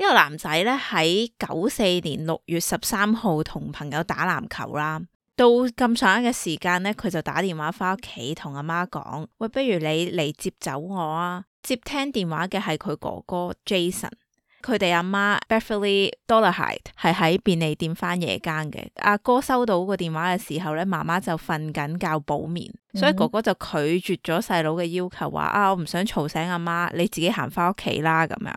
呢個男仔咧喺九四年六月十三號同朋友打籃球啦，到咁上下嘅時間咧，佢就打電話翻屋企同阿媽講：喂，不如你嚟接走我啊！接聽電話嘅係佢哥哥 Jason，佢哋阿媽 Beverly Dollarhide 係喺便利店翻夜更嘅。阿哥，哥收到個電話嘅時候咧，媽媽就瞓緊覺補眠，所以哥哥就拒絕咗細佬嘅要求，話：啊，我唔想吵醒阿媽，媽，你自己行翻屋企啦咁樣。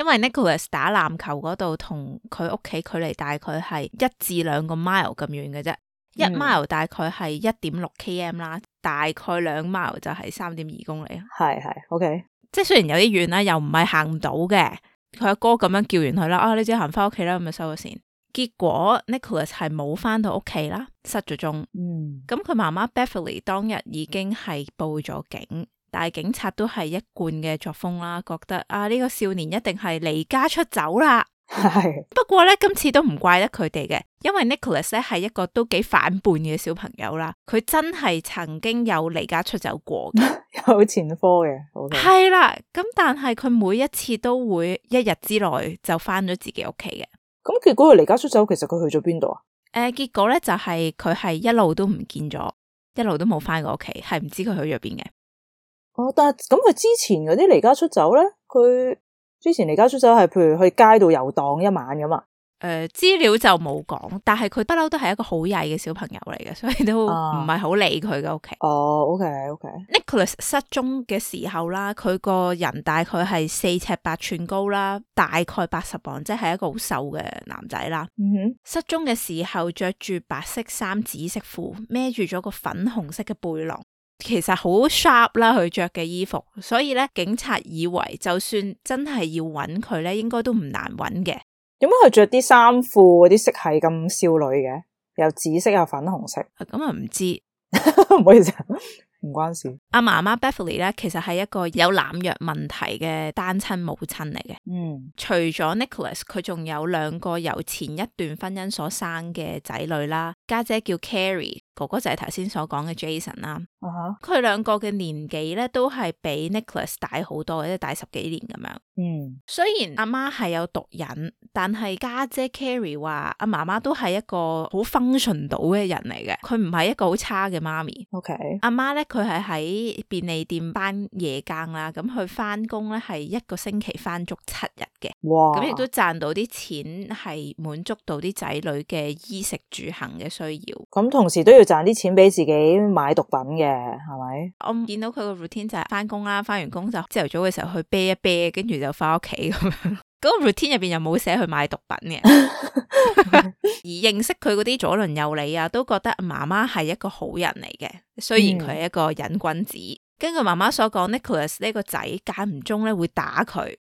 因為 Nicholas 打籃球嗰度同佢屋企距離大概係一至兩個 mile 咁遠嘅啫，一 mile、嗯、大概係一點六 km 啦，大概兩 mile 就係三點二公里。係係，OK，即係雖然有啲遠啦，又唔係行唔到嘅。佢阿哥咁樣叫完佢啦，啊，你自己行翻屋企啦，咁咪收咗線。嗯嗯、結果 Nicholas 係冇翻到屋企啦，失咗蹤。咁佢、嗯、媽媽 Beverly 當日已經係報咗警。但係警察都係一貫嘅作風啦，覺得啊，呢個少年一定係離家出走啦。係 不過咧，今次都唔怪得佢哋嘅，因為 Nicholas 咧係一個都幾反叛嘅小朋友啦。佢真係曾經有離家出走過嘅， 有前科嘅，係啦。咁但係佢每一次都會一日之內就翻咗自己屋企嘅。咁結果佢離家出走，其實佢去咗邊度啊？誒，結果咧就係佢係一路都唔見咗，一路都冇翻過屋企，係唔知佢去咗邊嘅。哦，但係咁佢之前嗰啲離家出走咧，佢之前離家出走係，譬如去街度遊蕩一晚咁嘛，誒、呃，資料就冇講，但係佢不嬲都係一個好曳嘅小朋友嚟嘅，所以都唔係好理佢嘅屋企。Okay、哦，OK，OK。Okay, okay Nicholas 失蹤嘅時候啦，佢個人大概係四尺八寸高啦，大概八十磅，即、就、係、是、一個好瘦嘅男仔啦。嗯、哼。失蹤嘅時候着住白色衫、紫色褲，孭住咗個粉紅色嘅背囊。其實好 sharp 啦，佢着嘅衣服，所以咧，警察以為就算真係要揾佢咧，應該都唔難揾嘅。點解佢着啲衫褲嗰啲色係咁少女嘅？有紫色又粉紅色。咁啊，唔知，唔 好意思，唔 關事係。阿媽媽 Beverly 咧，其實係一個有濫藥問題嘅單親母親嚟嘅。嗯，除咗 Nicholas，佢仲有兩個由前一段婚姻所生嘅仔女啦，家姐，姐叫 Carrie。哥哥就係頭先所講嘅 Jason 啦，佢、uh huh. 兩個嘅年紀咧都係比 Nicholas 大好多，即係大十幾年咁樣。嗯，mm. 雖然阿媽係有毒癮，但係家姐，姐 Carrie 話阿媽媽都係一個好 function 到嘅人嚟嘅，佢唔係一個好差嘅媽咪。OK，阿媽咧佢係喺便利店班夜更啦，咁佢翻工咧係一個星期翻足七日嘅，咁亦哇都賺到啲錢係滿足到啲仔女嘅衣食住行嘅需要，咁同時都要。賺啲錢俾自己買毒品嘅係咪？是是我見到佢個 routine 就係翻工啦，翻完工就朝頭早嘅時候去啤一啤，跟住就翻屋企咁樣。 個 routine 入邊又冇寫去買毒品嘅。 而認識佢嗰啲左鄰右里啊，都覺得媽媽係一個好人嚟嘅，雖然佢係一個隱君子。嗯 根據媽媽所講，Nicholas 呢個仔間唔中咧會打佢，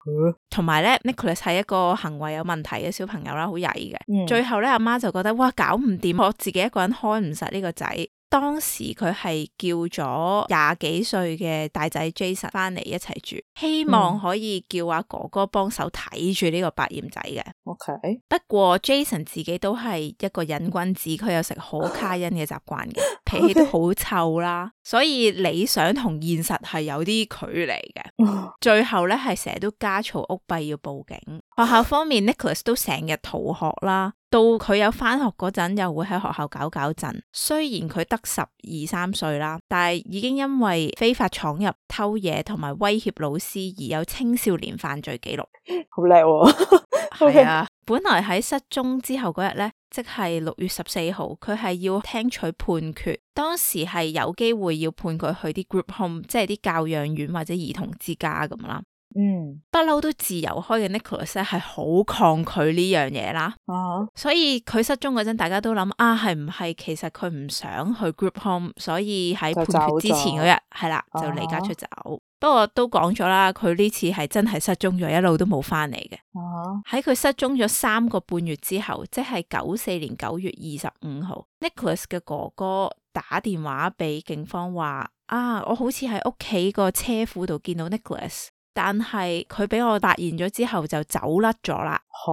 同埋呢 Nicholas 係一個行為有問題嘅小朋友啦，好曳嘅。嗯、最後呢阿媽就覺得哇搞唔掂，我自己一個人開唔實呢個仔。當時佢係叫咗廿幾歲嘅大仔 Jason 翻嚟一齊住，希望可以叫阿哥哥幫手睇住呢個百厭仔嘅。O K。不過 Jason 自己都係一個隱君子，佢有食可卡因嘅習慣嘅，脾氣都好臭啦。所以理想同現實係有啲距離嘅。最後咧係成日都家嘈屋閉要報警，學校方面 Nicholas 都成日逃學啦。到佢有返學嗰陣，又會喺學校搞搞震。雖然佢得十二三歲啦，但係已經因為非法闖入、偷嘢同埋威脅老師而有青少年犯罪記錄。好叻喎！係 啊，本來喺失蹤之後嗰日呢，即係六月十四號，佢係要聽取判決。當時係有機會要判佢去啲 group home，即係啲教養院或者兒童之家咁啦。嗯，不嬲都自由開嘅 Nicholas 係好抗拒呢樣嘢啦。啊、所以佢失蹤嗰陣，大家都諗啊，係唔係其實佢唔想去 group home，所以喺判決之前嗰日係啦，就離家出走。啊、不過都講咗啦，佢呢次係真係失蹤咗，一路都冇翻嚟嘅。喺佢、啊、失蹤咗三個半月之後，即係九四年九月二十五號，Nicholas 嘅哥哥打電話俾警方話，啊，我好似喺屋企個車庫度見到 Nicholas。但係佢俾我發現咗之後就走甩咗啦。吓，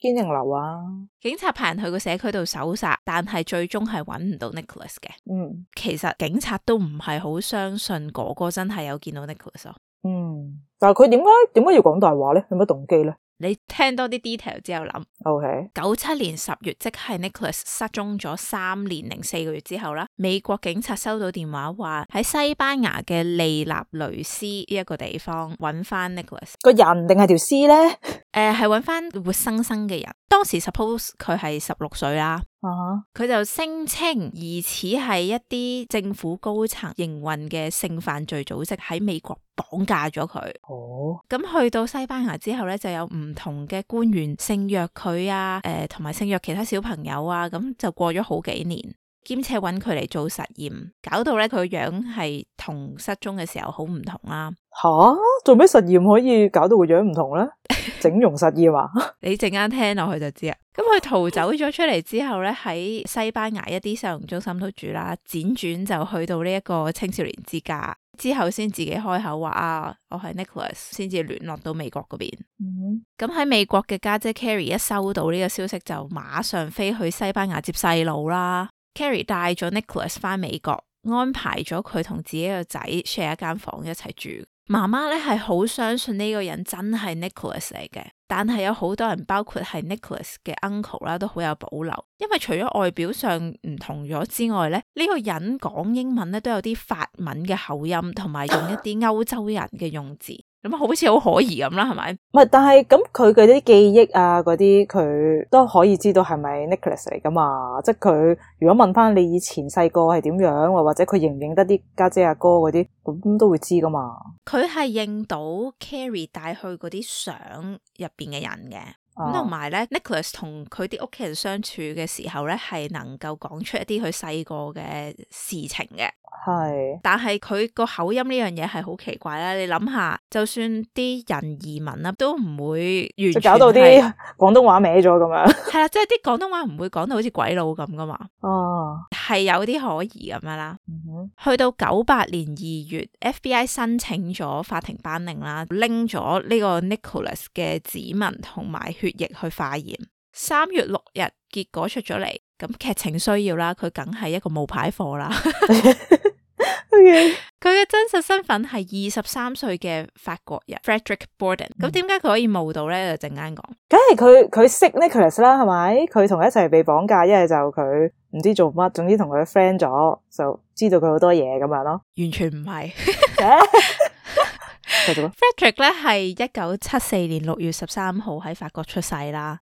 堅定流啊？警察派人去個社區度搜查，但係最終係揾唔到 Nicholas 嘅。嗯，其實警察都唔係好相信哥哥真係有見到 Nicholas 咯。嗯，但係佢點解點解要講大話呢？有乜動機呢？你聽多啲 detail 之後諗。OK。九七年十月即係 Nicholas 失蹤咗三年零四個月之後啦。美國警察收到電話，話喺西班牙嘅利納雷斯呢一個地方，揾翻 Nicholas 個人定係條屍呢？誒、呃，係揾翻活生生嘅人。當時 Suppose 佢係十六歲啦。啊、uh！佢、huh. 就聲稱疑似係一啲政府高層營運嘅性犯罪組織喺美國綁架咗佢。哦！咁去到西班牙之後呢，就有唔同嘅官員性約佢啊，誒、呃，同埋性約其他小朋友啊，咁就過咗好幾年。兼且揾佢嚟做實驗，搞到咧佢個樣係同失蹤嘅時候好唔同啦、啊。吓、啊，做咩實驗可以搞到個樣唔同呢？ 整容實驗啊！ 你陣間聽落去就知啊。咁佢逃走咗出嚟之後咧，喺西班牙一啲收容中心都住啦，輾轉就去到呢一個青少年之家，之後先自己開口話啊，我係 Nicholas，先至聯絡到美國嗰邊。咁喺、嗯、美國嘅家姐，姐 Carrie 一收到呢個消息，就馬上飛去西班牙接細路啦。Carrie 帶咗 Nicholas 翻美國，安排咗佢同自己個仔 share 一間房一齊住。媽媽咧係好相信呢個人真係 Nicholas 嚟嘅，但係有好多人包括係 Nicholas 嘅 uncle 啦，都好有保留，因為除咗外表上唔同咗之外咧，呢個人講英文咧都有啲法文嘅口音，同埋用一啲歐洲人嘅用字。咁好似好可疑咁啦，係咪？唔係、嗯，但係咁佢嗰啲記憶啊，嗰啲佢都可以知道係咪 Nicholas 嚟噶嘛？即係佢如果問翻你以前細個係點樣，或者佢認唔認得啲家姐阿哥嗰啲，咁都會知噶嘛？佢係認到 Carrie 帶去嗰啲相入邊嘅人嘅，咁同埋咧 Nicholas 同佢啲屋企人相處嘅時候咧，係能夠講出一啲佢細個嘅事情嘅。係，是但係佢個口音呢樣嘢係好奇怪啦。你諗下，就算啲人移民啦，都唔會完全搞到啲廣東話歪咗咁樣。係啦，即係啲廣東話唔會講到好似鬼佬咁噶嘛。哦，係有啲可疑咁樣啦。嗯、哼去到九八年二月，FBI 申請咗法庭頒令啦，拎咗呢個 Nicholas 嘅指紋同埋血液去化驗。三月六日，結果出咗嚟。咁劇情需要啦，佢梗係一個冒牌貨啦。佢 嘅 Okay. 真實身份係二十三歲嘅法國人 Frédéric Bourdin。咁點解佢可以冒到咧？就陣間講。梗係佢佢識 Nicholas 啦，係咪？佢同佢一齊被綁架，一係就佢唔知做乜，總之同佢 friend 咗，就知道佢好多嘢咁樣咯。完全唔係。 Frédéric 咧，係一九七四年六月十三號喺法國出世啦。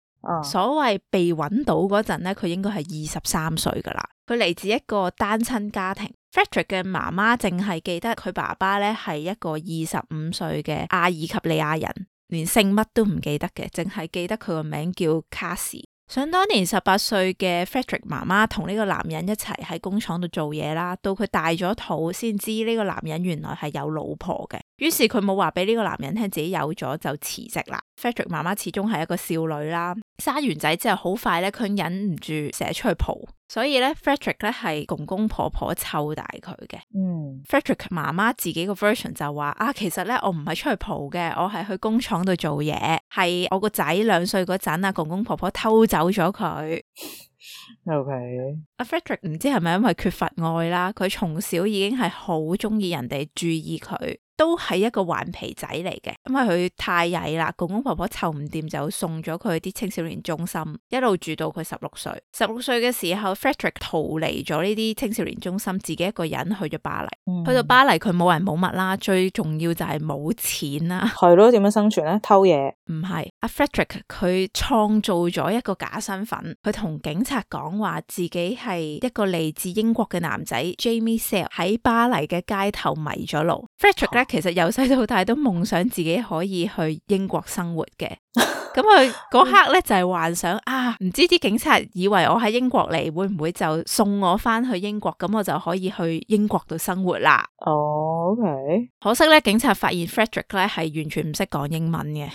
所謂被揾到嗰陣呢，佢應該係二十三歲噶啦。佢嚟自一個單親家庭。Frédéric 嘅媽媽淨係記得佢爸爸呢係一個二十五歲嘅阿爾及利亞人，連姓乜都唔記得嘅，淨係記得佢個名叫卡士。想當年十八歲嘅 Frédéric 媽媽同呢個男人一齊喺工廠度做嘢啦，到佢大咗肚先知呢個男人原來係有老婆嘅，於是佢冇話俾呢個男人聽自己有咗就辭職啦。Frédéric 媽媽始終係一個少女啦，生完仔之後好快咧，佢忍唔住寫出去蒲。所以咧 Frédéric 咧，係公公婆婆湊大佢嘅。Frederick 媽媽自己個 version 就話啊，其實咧我唔係出去蒲嘅，我係去工廠度做嘢，係我個仔兩歲嗰陣啊，公公婆婆偷走咗佢。OK，阿 Frederick 唔知係咪因為缺乏愛啦，佢從小已經係好中意人哋注意佢。都係一個頑皮仔嚟嘅，因為佢太曳啦，公公婆婆湊唔掂，就送咗佢啲青少年中心，一路住到佢十六歲。十六歲嘅時候，Frederick 逃離咗呢啲青少年中心，自己一個人去咗巴黎。嗯、去到巴黎，佢冇人冇物啦，最重要就係冇錢啦、啊。係咯，點樣生存咧？偷嘢？唔係，阿 Frederick 佢創造咗一個假身份，佢同警察講話自己係一個嚟自英國嘅男仔 Jamie Sale 喺巴黎嘅街頭迷咗路。Frederick 咧、嗯。其實由細到大都夢想自己可以去英國生活嘅，咁佢嗰刻咧就係幻想啊，唔知啲警察以為我喺英國嚟，會唔會就送我翻去英國，咁我就可以去英國度生活啦。哦、oh，OK。可惜咧，警察發現 Frédéric 咧係完全唔識講英文嘅，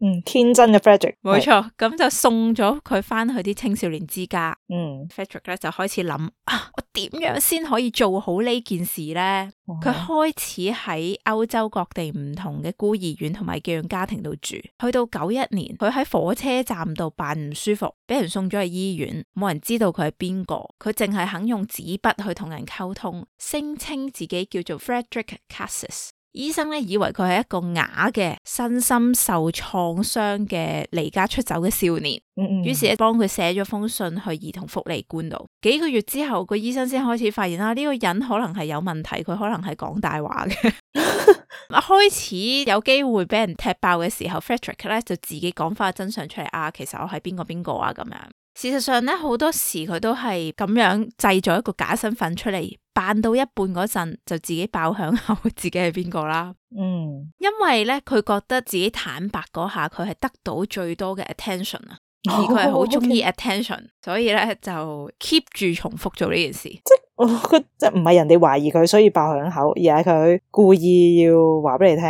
嗯 ， 天真嘅 Frédéric，冇錯。咁是就送咗佢翻去啲青少年之家。嗯，Frédéric 咧就開始諗啊，我點樣先可以做好呢件事呢？」佢、oh. 開始喺歐洲各地唔同嘅孤兒院同埋寄養家庭度住。去到九一年，佢喺火車站度扮唔舒服，俾人送咗去醫院，冇人知道佢係邊個。佢淨係肯用紙筆去同人溝通，聲稱，自己叫做 Frederick Cassis，醫生咧以為佢係一個啞嘅、身心受創傷嘅、離家出走嘅少年，於、嗯嗯、是咧幫佢寫咗封信去兒童福利官度。幾個月之後，個醫生先開始發現啊，呢、這個人可能係有問題，佢可能係講大話嘅。 開始有機會俾人踢爆嘅時候 ，Frederick 咧就自己講翻真相出嚟啊，其實我係邊個邊個啊咁樣。事實上咧，好多時佢都係咁樣製造一個假身份出嚟。扮到一半嗰陣就自己爆響口，自己係邊個啦？嗯，因為咧佢覺得自己坦白嗰下，佢係得到最多嘅 attention 啊，哦，而佢係好中意 attention，所以咧就 keep 住重複做呢件事。即係，我、即係唔係人哋懷疑佢，所以爆響口，而係佢故意要話俾你聽，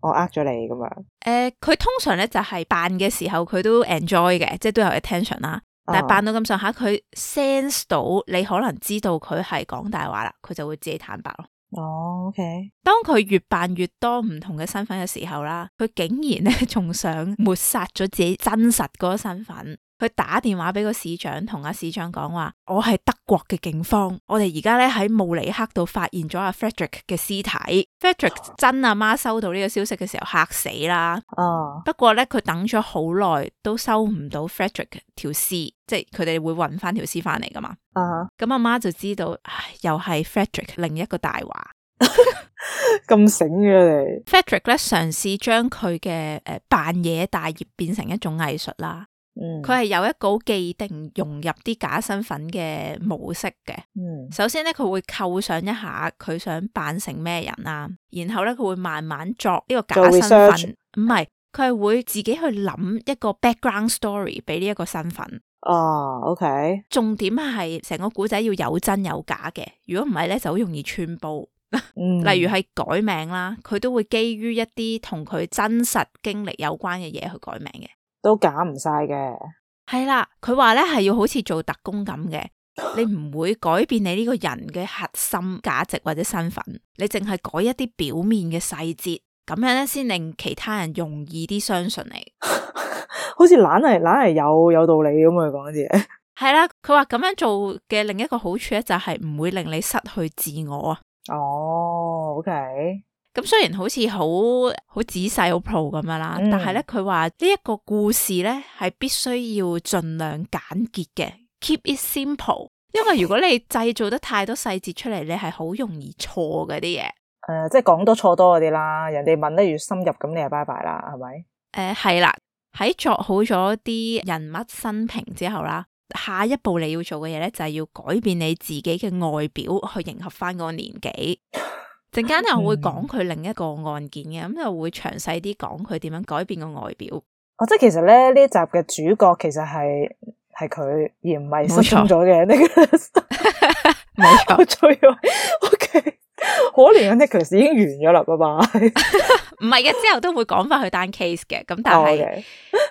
我呃咗你咁樣。誒、呃，佢通常咧就係扮嘅時候，佢都 enjoy 嘅，即係都有 attention 啦。但係扮到咁上下，佢、oh. sense 到你可能知道佢係講大話啦，佢就會自己坦白咯。哦、oh,，OK。當佢越扮越多唔同嘅身份嘅時候啦，佢竟然咧仲想抹殺咗自己真實嗰個身份。佢打電話俾個市長，同阿市長講話：我係德國嘅警方，我哋而家咧喺慕尼黑度發現咗阿、啊、Frédéric 嘅屍體。啊、Frédéric 真阿媽收到呢個消息嘅時候吓死啦！哦、啊，不過咧佢等咗好耐都收唔到 Frédéric 條屍，即係佢哋會搵翻條屍翻嚟噶嘛？啊，咁阿媽就知道唉又係 Frédéric 另一個大話，咁 醒嘅、啊、你？Frédéric 咧嘗試將佢嘅誒扮嘢、呃、大業變成一種藝術啦。佢係有一個既定融入啲假身份嘅模式嘅。嗯、首先咧，佢會構想一下佢想扮成咩人啊，然後咧佢會慢慢作呢個假身份，唔係，佢係會自己去諗一個 background story 俾呢一個身份。哦、oh，OK。重點係成個古仔要有真有假嘅，如果唔係咧就好容易穿煲。 例如係改名啦，佢都會基於一啲同佢真實經歷有關嘅嘢，去改名嘅。都減唔晒嘅，係啦。佢話咧係要好似做特工咁嘅，你唔會改變你呢個人嘅核心價值或者身份，你淨係改一啲表面嘅細節，咁樣咧先令其他人容易啲相信你。 好似懶係懶係有有道理咁佢講啲嘢。係啦，佢話咁樣做嘅另一個好處咧，就係唔會令你失去自我啊。哦，OK。咁雖然好似好好仔細好 pro 咁樣啦，嗯、但係咧佢話呢一、個故事咧係必須要盡量簡潔嘅，keep it simple。因為如果你製造得太多細節出嚟，你係好容易錯嗰啲嘢。誒、呃，即係講多錯多嗰啲啦。人哋問得越深入，咁你就拜拜啦，係咪？誒、呃，係啦。喺作好咗啲人物生平之後啦，下一步你要做嘅嘢咧就係、是、要改變你自己嘅外表，去迎合翻嗰個年紀。陣間又會講佢另一個案件嘅，咁又、嗯、會詳細啲講佢點樣改變個外表。哦，即係其實咧呢一集嘅主角其實係係佢，而唔係失蹤咗嘅呢個。冇錯。OK。可憐啊，Nicholas 已經完咗啦，噶嘛 ，唔係嘅之後都會講翻佢單 case 嘅，咁但係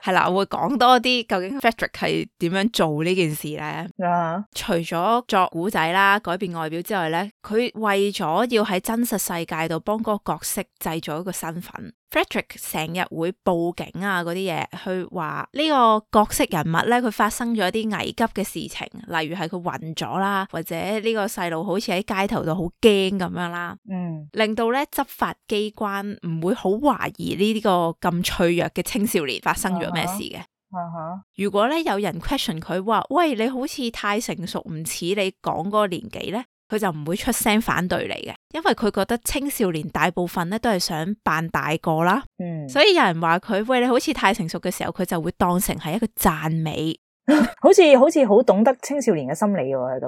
係啦，我會講多啲究竟 Frédéric 係點樣做呢件事咧？Yeah. 除咗作古仔啦，改變外表之外咧，佢為咗要喺真實世界度幫嗰個角色製造一個身份。Frederick 成日會報警啊，嗰啲嘢去話呢個角色人物咧，佢發生咗一啲危急嘅事情，例如係佢暈咗啦，或者呢個細路好似喺街頭度好驚咁樣啦，嗯，令到咧執法機關唔會好懷疑呢啲個咁脆弱嘅青少年發生咗咩事嘅。Uh huh. uh huh. 如果咧有人 question 佢話，喂，你好似太成熟，唔似你講嗰個年紀咧。佢就唔會出聲反對你嘅，因為佢覺得青少年大部分咧都係想扮大個啦。嗯，所以有人話佢喂，你好似太成熟嘅時候，佢就會當成係一個讚美， 好似好似好懂得青少年嘅心理咁、啊、樣，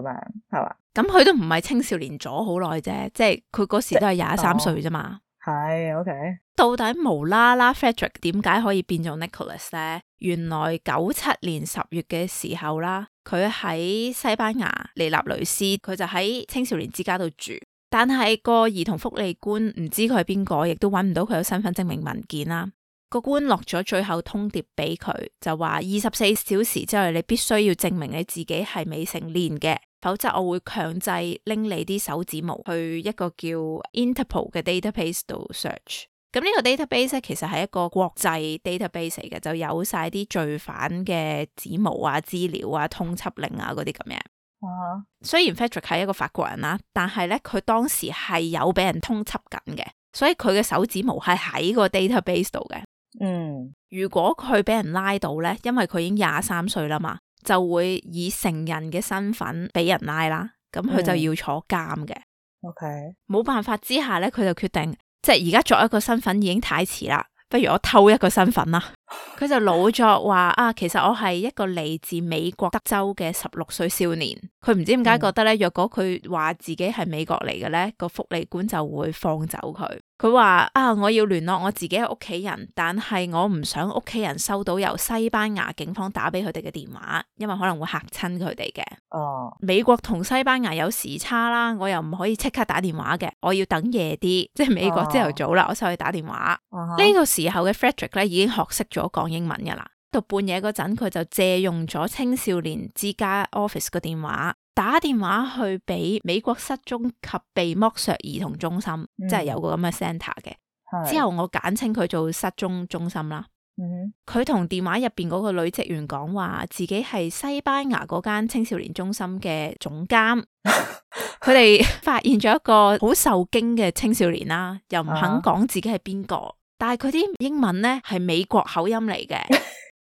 係嘛？咁佢都唔係青少年咗好耐啫，即係佢嗰時都係廿三歲啫嘛。係，OK、哦。到底無啦啦，Frédéric 點解可以變做 Nicholas 咧？原來九七年十月嘅時候啦，佢喺西班牙利納雷斯，佢就喺青少年之家度住。但係個兒童福利官唔知佢係邊個，亦都揾唔到佢嘅身份證明文件啦。個官落咗最後通牒俾佢，就話二十四小時之內你必須要證明你自己係未成年嘅，否則我會強制拎你啲手指模去一個叫 Interpol 嘅 database 度 search。咁呢個 database 咧，其實係一個國際 database 嚟嘅，就有晒啲罪犯嘅指模啊、資料啊、通緝令啊嗰啲咁樣。啊，uh huh. 雖然 Frédéric 係一個法國人啦，但係咧佢當時係有俾人通緝緊嘅，所以佢嘅手指模係喺個 database 度嘅。嗯、uh，huh. 如果佢俾人拉到咧，因為佢已經廿三歲啦嘛，就會以成人嘅身份俾人拉啦，咁佢就要坐監嘅。Uh huh. OK，冇辦法之下咧，佢就決定。即係而家作一個身份已經太遲啦，不如我偷一個身份啦。佢就老作話啊，其實我係一個嚟自美國德州嘅十六歲少年。佢唔知點解覺得咧，若果佢話自己係美國嚟嘅咧，個福利館就會放走佢。佢話啊，我要聯絡我自己嘅屋企人，但係我唔想屋企人收到由西班牙警方打俾佢哋嘅電話，因為可能會嚇親佢哋嘅。哦、嗯，美國同西班牙有時差啦，我又唔可以即刻打電話嘅，我要等夜啲，即係美國朝頭早啦，嗯、我就去打電話。呢、嗯、哼個時候嘅 Frédéric 咧已經學識咗。講英文嘅啦，到半夜嗰陣佢就借用咗青少年之家 office 個電話，打電話去俾美國失蹤及被剝削兒童中心，嗯、即係有個咁嘅 center 嘅。是之後我簡稱佢做失蹤中心啦。嗯佢、嗯、同電話入邊嗰個女職員講話，自己係西班牙嗰間青少年中心嘅總監。佢哋 發現咗一個好受驚嘅青少年啦，又唔肯講自己係邊個。 但係佢啲英文咧係美國口音嚟嘅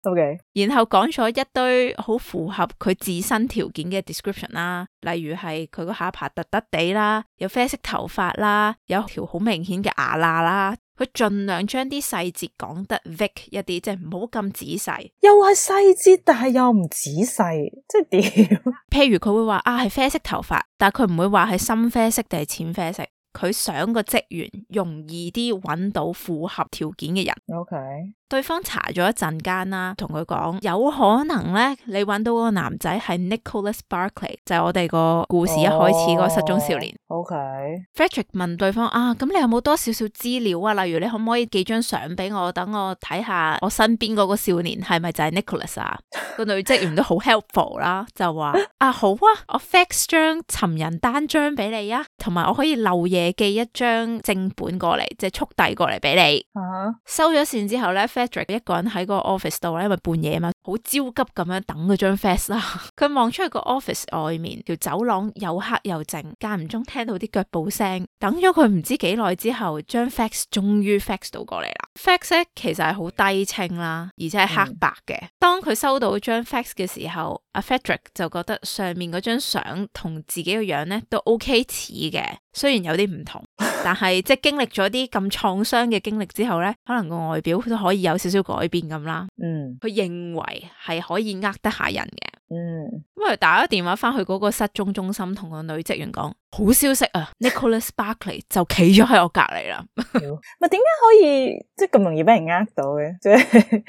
，OK，然後講咗一堆好符合佢自身條件嘅 description 啦，例如係佢個下巴突突地啦，有啡色頭髮啦，有條好明顯嘅牙罅啦，佢盡量將啲細節講得 vague 一啲，即係唔好咁仔細，又係細節，但係又唔仔細，即係點？譬如佢會話啊係啡色頭髮，但係佢唔會話係深啡色定係淺啡色。佢想個職員容易啲揾到符合條件嘅人。Okay. 對方查咗一陣間啦，同佢講有可能咧，你揾到嗰個男仔係 Nicholas Barclay，就係我哋個故事一開始嗰個失蹤少年。Oh, OK，Frederick okay. 問對方啊，咁你有冇多少少資料啊？例如你可唔可以寄張相俾我，等我睇下我身邊嗰個少年係咪就係 Nicholas 啊？個 女職員都好 helpful 啦，就話啊好啊，我 fax 張尋人單張俾你啊，同埋我可以漏夜寄一張正本過嚟，即係速遞過嚟俾你。Uh huh. 收咗線之後咧。Frédéric 一個人喺個 office 度咧，因為半夜嘛，好焦急咁樣等嗰張 fax 啦。佢 望出去個 office 外面，條走廊又黑又靜，間唔中聽到啲腳步聲。等咗佢唔知幾耐之後，張 fax 終於 fax 到過嚟。啦。 fax 其實係好低清啦，而且係黑白嘅。嗯、當佢收到張 fax 嘅時候，阿 Frédéric 就覺得上面嗰張相同自己個樣咧都 OK 似嘅，雖然有啲唔同， 但係即係經歷咗啲咁創傷嘅經歷之後咧，可能個外表都可以有少少改變咁啦。嗯，佢認為係可以呃得下人嘅。嗯，咁佢打咗電話翻去嗰個失蹤中心，同個女職員講。好消息啊，Nicholas Barclay 就企咗喺我隔籬啦。咪點解可以即係咁容易俾人呃到嘅？即 係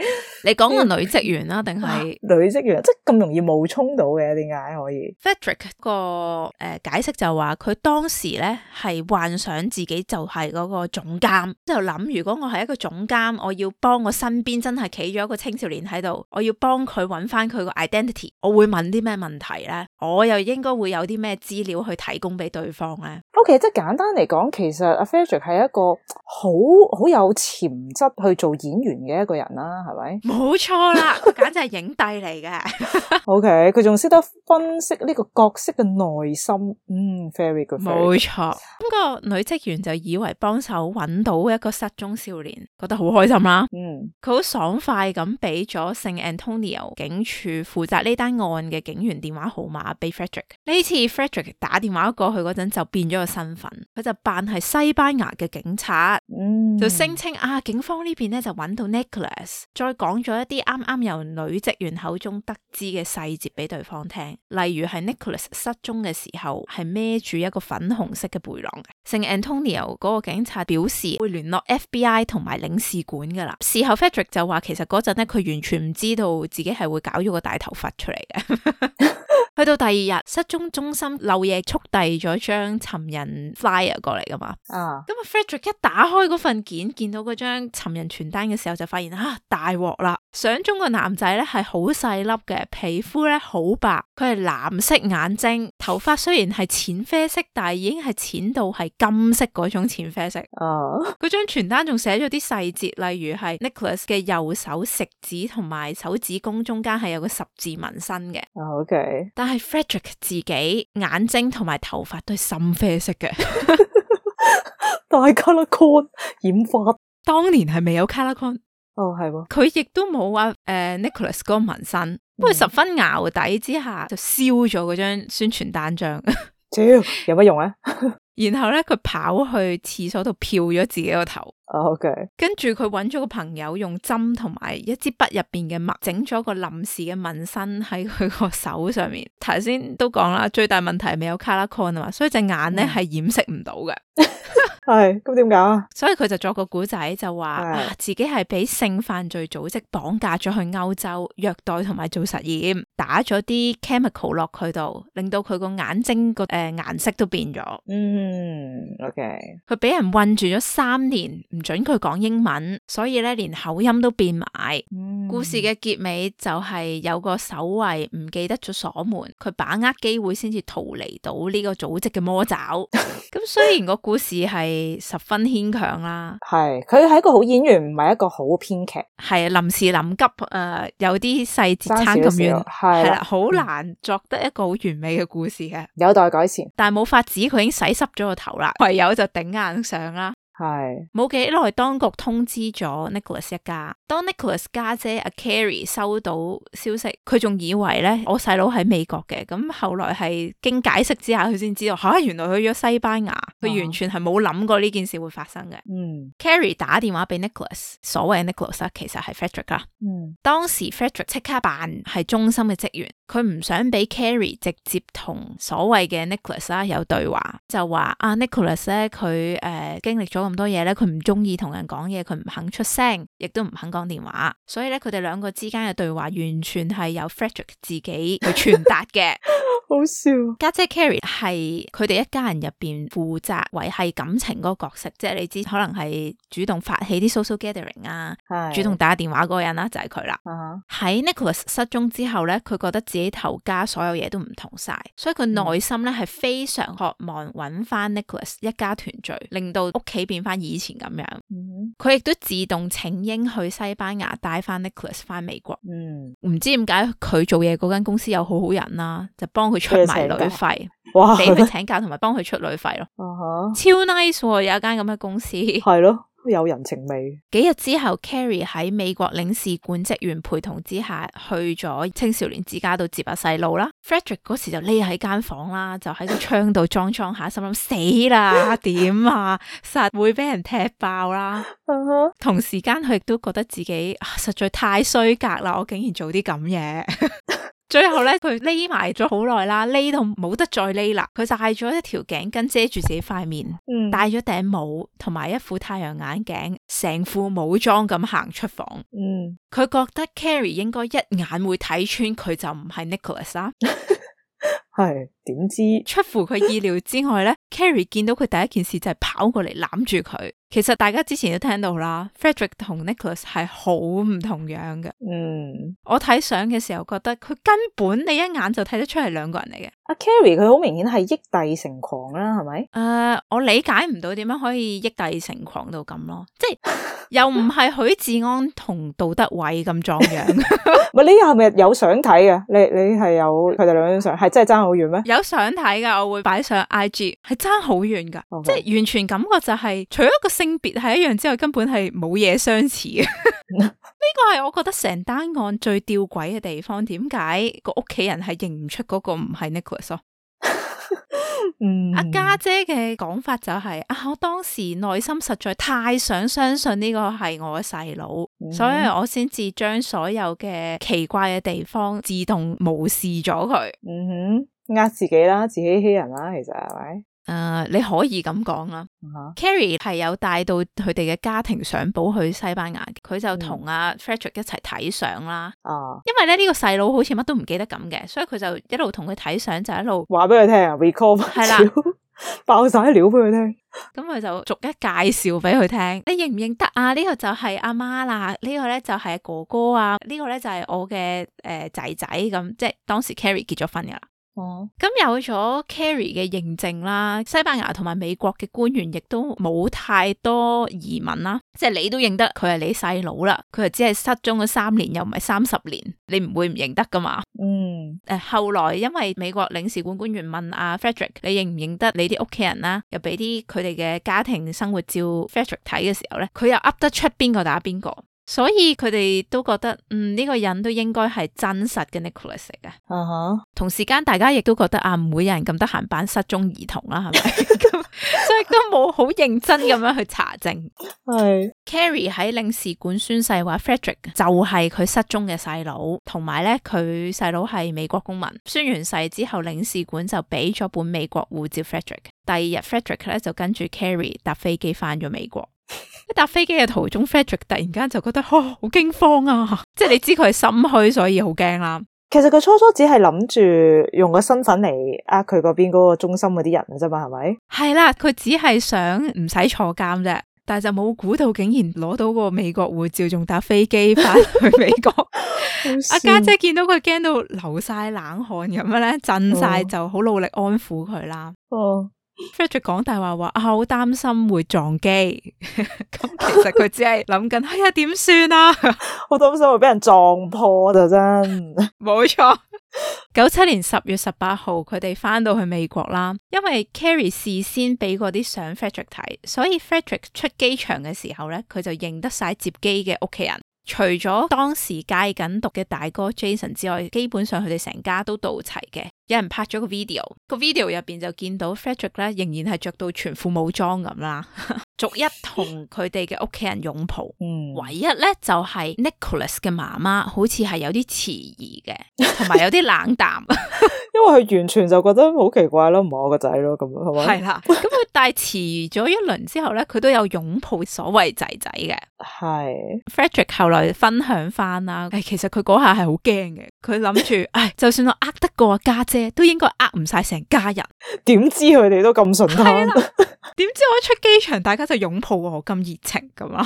你講個女職員啦、啊，定係、啊啊、女職員即係咁容易冒充到嘅？點解可以？Frédéric 個誒解釋就話佢當時咧係幻想自己就係嗰個總監，之後諗，如果我係一個總監，我要幫我身邊真係企咗一個青少年喺度，我要幫佢揾翻佢個 identity，我會問啲咩問題咧？我又應該會有啲咩資料去提供俾對方咧，O.K. 即係簡單嚟講，其實阿 Frédéric 係一個好好有潛質去做演員嘅一個人啦，係咪？冇錯啦，簡直係影帝嚟嘅。 O.K. 佢仲識得分析呢個角色嘅內心，嗯 Very good。冇錯。咁個女職員就以為幫手揾到一個失蹤少年，覺得好開心啦、啊。嗯，佢好爽快咁俾咗聖 Antonio 警署負責呢單案嘅警員電話號碼俾 Frédéric。呢、嗯、次 Frédéric 打電話過去。嗰陣就變咗個身份，佢就扮係西班牙嘅警察，就聲稱啊，警方呢邊呢就揾到 Nicholas，再講咗一啲啱啱由女職員口中得知嘅細節俾對方聽，例如係 Nicholas 失蹤嘅時候係孭住一個粉紅色嘅背囊嘅。聖 Antonio 嗰個警察表示會聯絡 FBI 同埋領事館噶啦。事後 Frédéric 就話其實嗰陣呢佢完全唔知道自己係會搞咗個大頭髮出嚟嘅。去到第二日失蹤中心漏夜速遞咗張尋人 flyer 過嚟噶嘛，啊咁啊、uh. Frédéric 一打開嗰份件，見到嗰張尋人傳單嘅時候，就發現啊大鑊啦！相中個男仔咧係好細粒嘅，皮膚咧好白，佢係藍色眼睛，頭髮雖然係淺啡色，但係已經係淺到係金色嗰種淺啡色。哦，嗰張傳單仲寫咗啲細節，例如係 Nicholas 嘅右手食指同埋手指公中間係有個十字紋身嘅。哦，OK。但係 Frédéric 自己眼睛同埋頭髮都係深啡色嘅。但 係 ColorCon 染髮，當年係未有 ColorCon。哦，係佢亦都冇話誒 Nicholas 嗰個紋身，不過、嗯、十分淆底之下就燒咗嗰張宣傳單張。屌、嗯， 有乜用啊？ 然後咧，佢跑去廁所度漂咗自己個頭。哦、OK，跟住佢揾咗個朋友用針同埋一支筆入邊嘅墨，整咗個臨時嘅紋身喺佢個手上面。頭先都講啦，最大問題係未有 colour con 啊嘛，所以隻眼咧係掩飾唔到嘅。嗯 係，咁點解啊？所以佢就作個古仔，就話對、啊、自己係俾性犯罪組織綁架咗去歐洲，虐待同埋做實驗。打咗啲 chemical 落佢度，令到佢個眼睛，個誒顏色都變咗。嗯，OK。佢俾人困住咗三年，唔准佢講英文，所以咧連口音都變埋。故事嘅結尾就係有個守衛唔記得咗鎖門，佢把握機會先至逃離到呢個組織嘅魔爪。咁雖然個故事係十分牽強啦，係佢係一個好演員，唔係一個好編劇，係臨時臨急有啲細節差咁遠。係啦，好難作得一個好完美嘅故事嘅，有待改善。但係冇法子，佢已經洗濕咗個頭啦，唯有就頂硬上啦。係冇幾耐，當局通知咗 Nicholas 一家。當 Nicholas 家姐阿 Carrie 收到消息，佢仲以為咧我細佬喺美國嘅。咁後來係經解釋之下，佢先知道吓、啊，原來去咗西班牙。佢完全係冇諗過呢件事會發生嘅。嗯，Carrie 打電話俾 Nicholas，所謂 Nicholas、啊、其實係 Frederick 啦、啊。嗯，當時 Frederick 即刻辦係中心嘅職員，佢唔想俾 Carrie 直接同所謂嘅 Nicholas 啊有對話，就話啊 Nicholas 咧、啊，佢誒、呃、經歷咗。咁多嘢咧，佢唔中意同人講嘢，佢唔肯出聲，亦都唔肯講電話，所以咧佢哋兩個之間嘅對話完全係由 Frédéric 自己去傳達嘅。 好笑。家姐，姐 Carrie 係佢哋一家人入邊負責維繫感情個角色，即係你知可能係主動發起啲 social gathering 啊，是主動打電話個人啦、啊、就係佢啦。喺、uh huh. Nicholas 失蹤之後咧，佢覺得自己頭家所有嘢都唔同晒，所以佢內心咧係、嗯、非常渴望揾翻 Nicholas 一家團聚，令到屋企邊。變翻以前咁樣，佢亦、mm hmm. 都自動請纓去西班牙帶翻 Nicholas 翻美國，唔、mm hmm. 知點解佢做嘢嗰間公司有好好人啦、啊，就幫佢出埋旅費，哇！俾佢請假同埋幫佢出旅費咯，uh huh. 超 nice！、啊、有一間咁嘅公司係咯。都有人情味。幾日之後，Carrie 喺美國領事館職員陪同之下去咗青少年之家度接下細路啦。Frédéric 嗰時就匿喺間房啦，就喺個窗度裝裝下，心諗死啦，點啊，實會俾人踢爆啦。Uh huh. 同時間佢亦都覺得自己、啊、實在太衰格啦，我竟然做啲咁嘢。 最後咧，佢匿埋咗好耐啦，匿到冇得再匿啦。佢戴咗一條頸巾遮住自己塊面，嗯、戴咗頂帽同埋一副太陽眼鏡，成副武裝咁行出房。嗯，佢覺得 Carrie 應該一眼會睇穿佢就唔係 Nicholas 啦。係點 知出乎佢意料之外咧，Carrie 見到佢第一件事就係跑過嚟攬住佢。其實大家之前都聽到啦，Frédéric 同 Nicholas 係好唔同樣嘅。嗯，我睇相嘅時候覺得佢根本你一眼就睇得出係兩個人嚟嘅。阿 Carrie 佢好明顯係益帝成狂啦，係咪？誒，我理解唔到點樣可以益帝成狂到咁咯。即係又唔係許志安同杜德偉咁壯樣。唔係 你係咪有相睇嘅？你你係有佢哋兩張相，係真係爭好遠咩？有相睇嘅，我會擺上 IG，係爭好遠噶，Okay. 即係完全感覺就係、是、除咗個性別係一樣之外，根本係冇嘢相似。呢個係我覺得成單案最吊詭嘅地方。點解個屋企人係認唔出嗰個唔係呢個？.阿 嗯哼啊、家姐嘅講法就係、是啊，我當時內心實在太想相信呢個係我嘅細佬，嗯、哼所以我先至將所有嘅奇怪嘅地方自動無視咗佢。嗯哼，呃自己啦，自欺欺人啦，其實係咪就係？誒，你可以咁講啦。Carrie 係有帶到佢哋嘅家庭相簿去西班牙，佢就同阿 Frédéric 一齊睇相啦。啊，因為咧呢個細佬好似乜都唔記得咁嘅，所以佢就一路同佢睇相，就一路話俾佢聽。Recall 係啦，爆晒料俾佢聽。咁佢就逐一介紹俾佢聽。你認唔認得啊？呢個就係阿媽啦，呢個咧就係哥哥啊，呢個咧就係我嘅誒仔仔。咁即係當時 Carrie 結咗婚噶啦。哦，咁有咗 Carrie 嘅認證啦，西班牙同埋美國嘅官員亦都冇太多疑問啦，即係你都認得佢係你細佬啦，佢又只係失蹤咗三年，又唔係三十年，你唔會唔認得噶嘛？嗯，誒、呃，後來因為美國領事館官員問阿、啊、Frederick 你認唔認得你啲屋企人啦，又俾啲佢哋嘅家庭生活照 Frederick 睇嘅時候咧，佢又噏得出邊個打邊個。所以佢哋都覺得嗯呢、這個人都應該係真實嘅 Nicholas 啊，uh huh. 同時間大家亦都覺得啊，唔會有人咁得閒扮失蹤兒童啦，係咪？所 以 都冇好認真咁樣去查證。係 Carrie 喺領事館宣誓話，Frederick 就係佢失蹤嘅細佬，同埋咧佢細佬係美國公民。宣完誓之後，領事館就俾咗本美國護照 Frederick。第二日 Frederick 咧就跟住 Carrie 搭飛機翻咗美國。一搭飛機嘅途中，Frédéric 突然間就覺得，好、哦、驚慌啊！即係你知佢係心虛，所以好驚啦。其實佢初初只係諗住用個身份嚟呃佢嗰邊嗰個中心嗰啲人啊，啫嘛，係咪？係啦，佢只係想唔使坐監啫，但係就冇估到竟然攞到個美國護照，仲搭飛機翻去美國。阿家姐見到佢驚到流晒冷汗咁樣咧，震晒、哦、就好努力安撫佢啦。哦。Frédéric 講大話話啊，好擔心會撞機。咁 其實佢只係諗緊，哎呀點算啊？好擔 心會俾人撞破就真冇錯 沒錯笑。九七年十月十八號，佢哋翻到去美國啦。因為 Carrie 事先俾嗰啲相 Frédéric 睇，所以 Frédéric 出機場嘅時候咧，佢就認得晒接機嘅屋企人。除咗當時戒緊毒嘅大哥 Jason 之外，基本上佢哋成家都到齊嘅。有人拍咗個 video，個 video 入邊就見到 Frederick 咧，仍然係着到全副武裝咁啦。 逐一同佢哋嘅屋企人擁抱，嗯、唯一咧就係、是、Nicholas 嘅媽媽好似係有啲遲疑嘅，同埋有啲冷淡， 因為佢完全就覺得好奇怪咯，唔係我個仔咯，咁係咪？係啦，咁佢帶遲咗一輪之後咧，佢都有擁抱所謂仔仔嘅。係 的 Frédéric 後來分享翻啦，其實佢嗰下係好驚嘅，佢諗住，唉、哎，就算我呃得過家姐，姐，都應該呃唔晒成家人，點知佢哋都咁順利，點知我一出機場大家，就擁抱我咁熱情噶嘛？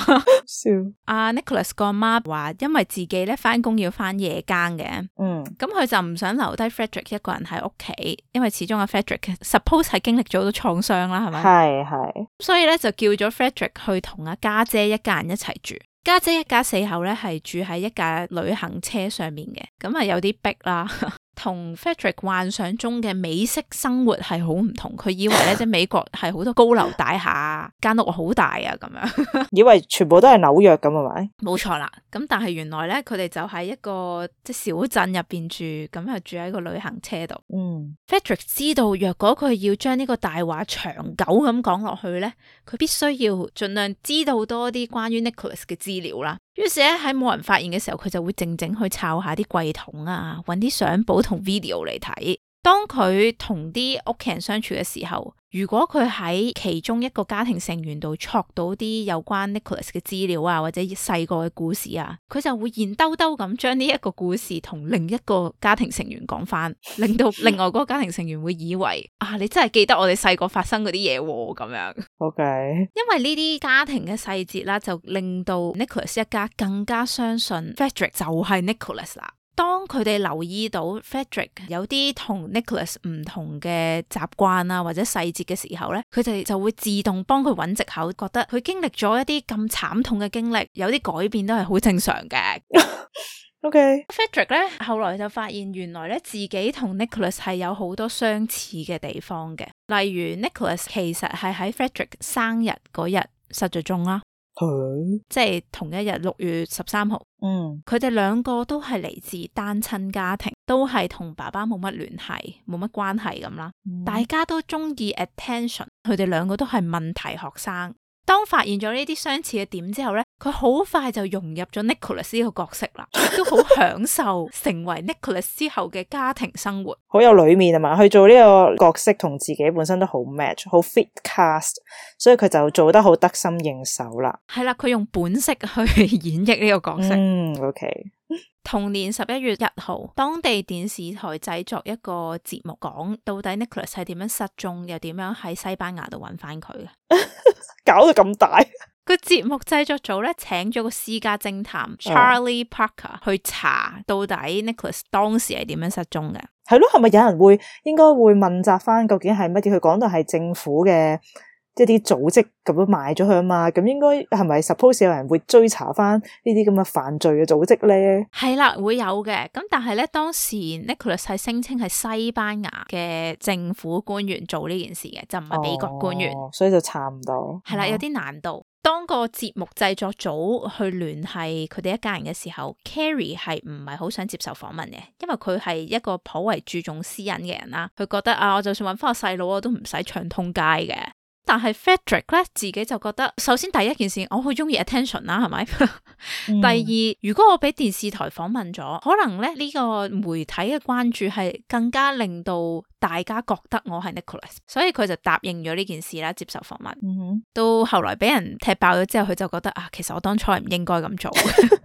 笑。阿、 uh, Nicholas 個媽話，因為自己咧翻工要翻夜更嘅，嗯，咁佢就唔想留低 Frédéric 一個人喺屋企，因為始終阿、啊、Frédéric suppose 係經歷咗好多創傷啦，係咪？係係是。所以咧就叫咗 Frédéric 去同阿家姐一家人一齊住。家姐,姐一家四口咧係住喺一架旅行車上面嘅，咁啊有啲逼啦。 同 Frédéric 幻想中嘅美式生活係好唔同，佢以為咧，即係 美國係好多高樓大廈，間屋好大啊，咁樣 以為全部都係紐約咁係咪？冇錯啦，咁但係原來咧，佢哋就喺一個即係小鎮入邊住，咁又住喺個旅行車度。嗯 Frédéric 知道若果佢要將呢個大話長久咁講落去咧，佢必須要盡量知道多啲關於 Nicholas 嘅資料啦。於是咧，喺冇人發現嘅時候，佢就會靜靜去抄下啲櫃桶啊，揾啲相簿。同 video 嚟睇，當佢同啲屋企人相處嘅時候，如果佢喺其中一個家庭成員度戳到啲有關 Nicholas 嘅資料啊，或者細個嘅故事啊，佢就會現兜兜咁將呢一個故事同另一個家庭成員講翻，令到另外嗰個家庭成員會以為啊，你真係記得我哋細個發生嗰啲嘢咁樣。OK，因為呢啲家庭嘅細節啦，就令到 Nicholas 一家更加相信 Frédéric 就係 Nicholas 啦。當佢哋留意到 Frédéric 有啲同 Nicholas 唔同嘅習慣啊，或者細節嘅時候咧，佢哋就會自動幫佢揾藉口，覺得佢經歷咗一啲咁慘痛嘅經歷，有啲改變都係好正常嘅。 OK，Frédéric Okay. 咧後來就發現原來咧自己同 Nicholas 係有好多相似嘅地方嘅，例如 Nicholas 其實係喺 Frédéric 生日嗰日，失咗蹤啦，啊。佢即係同一日六月十三號，嗯，佢哋兩個都係嚟自單親家庭，都係同爸爸冇乜聯繫，冇乜關係咁啦，大家都中意 attention，佢哋兩個都係問題學生。當發現咗呢啲相似嘅點之後咧，佢好快就融入咗 Nicholas 呢個角色啦，都好享受成為 Nicholas 之後嘅家庭生活，好 有裏面啊嘛，佢做呢個角色同自己本身都好 match，好 fit cast，所以佢就做得好得心應手啦。係啦， 佢用本色去演繹呢個角色。嗯，OK。同年十一月一號，當地電視台製作一個節目，講到底 Nicholas 係點樣失蹤，又點樣喺西班牙度揾翻佢嘅。 搞到咁大，個節目製作組咧，請咗個私家偵探 Charlie Parker、oh. 去查到底 Nicholas 當時係點樣失蹤嘅。係咯，係咪有人會應該會問責翻？究竟係乜嘢？佢講到係政府嘅。即係啲組織咁樣賣咗佢啊嘛，咁應該係咪 suppose 有人會追查翻呢啲咁嘅犯罪嘅組織咧？係啦，會有嘅。咁但係咧，當時 Nicholas 係聲稱係西班牙嘅政府官員做呢件事嘅，就唔係美國官員，哦、所以就差唔多。係啦，有啲難度。哦、當個節目製作組去聯繫佢哋一家人嘅時候，Carrie 係唔係好想接受訪問嘅，因為佢係一個頗為注重私隱嘅人啦。佢覺得啊，我就算揾翻我細佬，我都唔使唱通街嘅。但係 Frédéric 咧，自己就覺得，首先第一件事，我好中意 attention 啦，係咪？第二，如果我俾電視台訪問咗，可能咧呢個媒體嘅關注係更加令到大家覺得我係 Nicholas，所以佢就答應咗呢件事啦，接受訪問。嗯哼，到後來俾人踢爆咗之後，佢就覺得啊，其實我當初係唔應該咁做 ，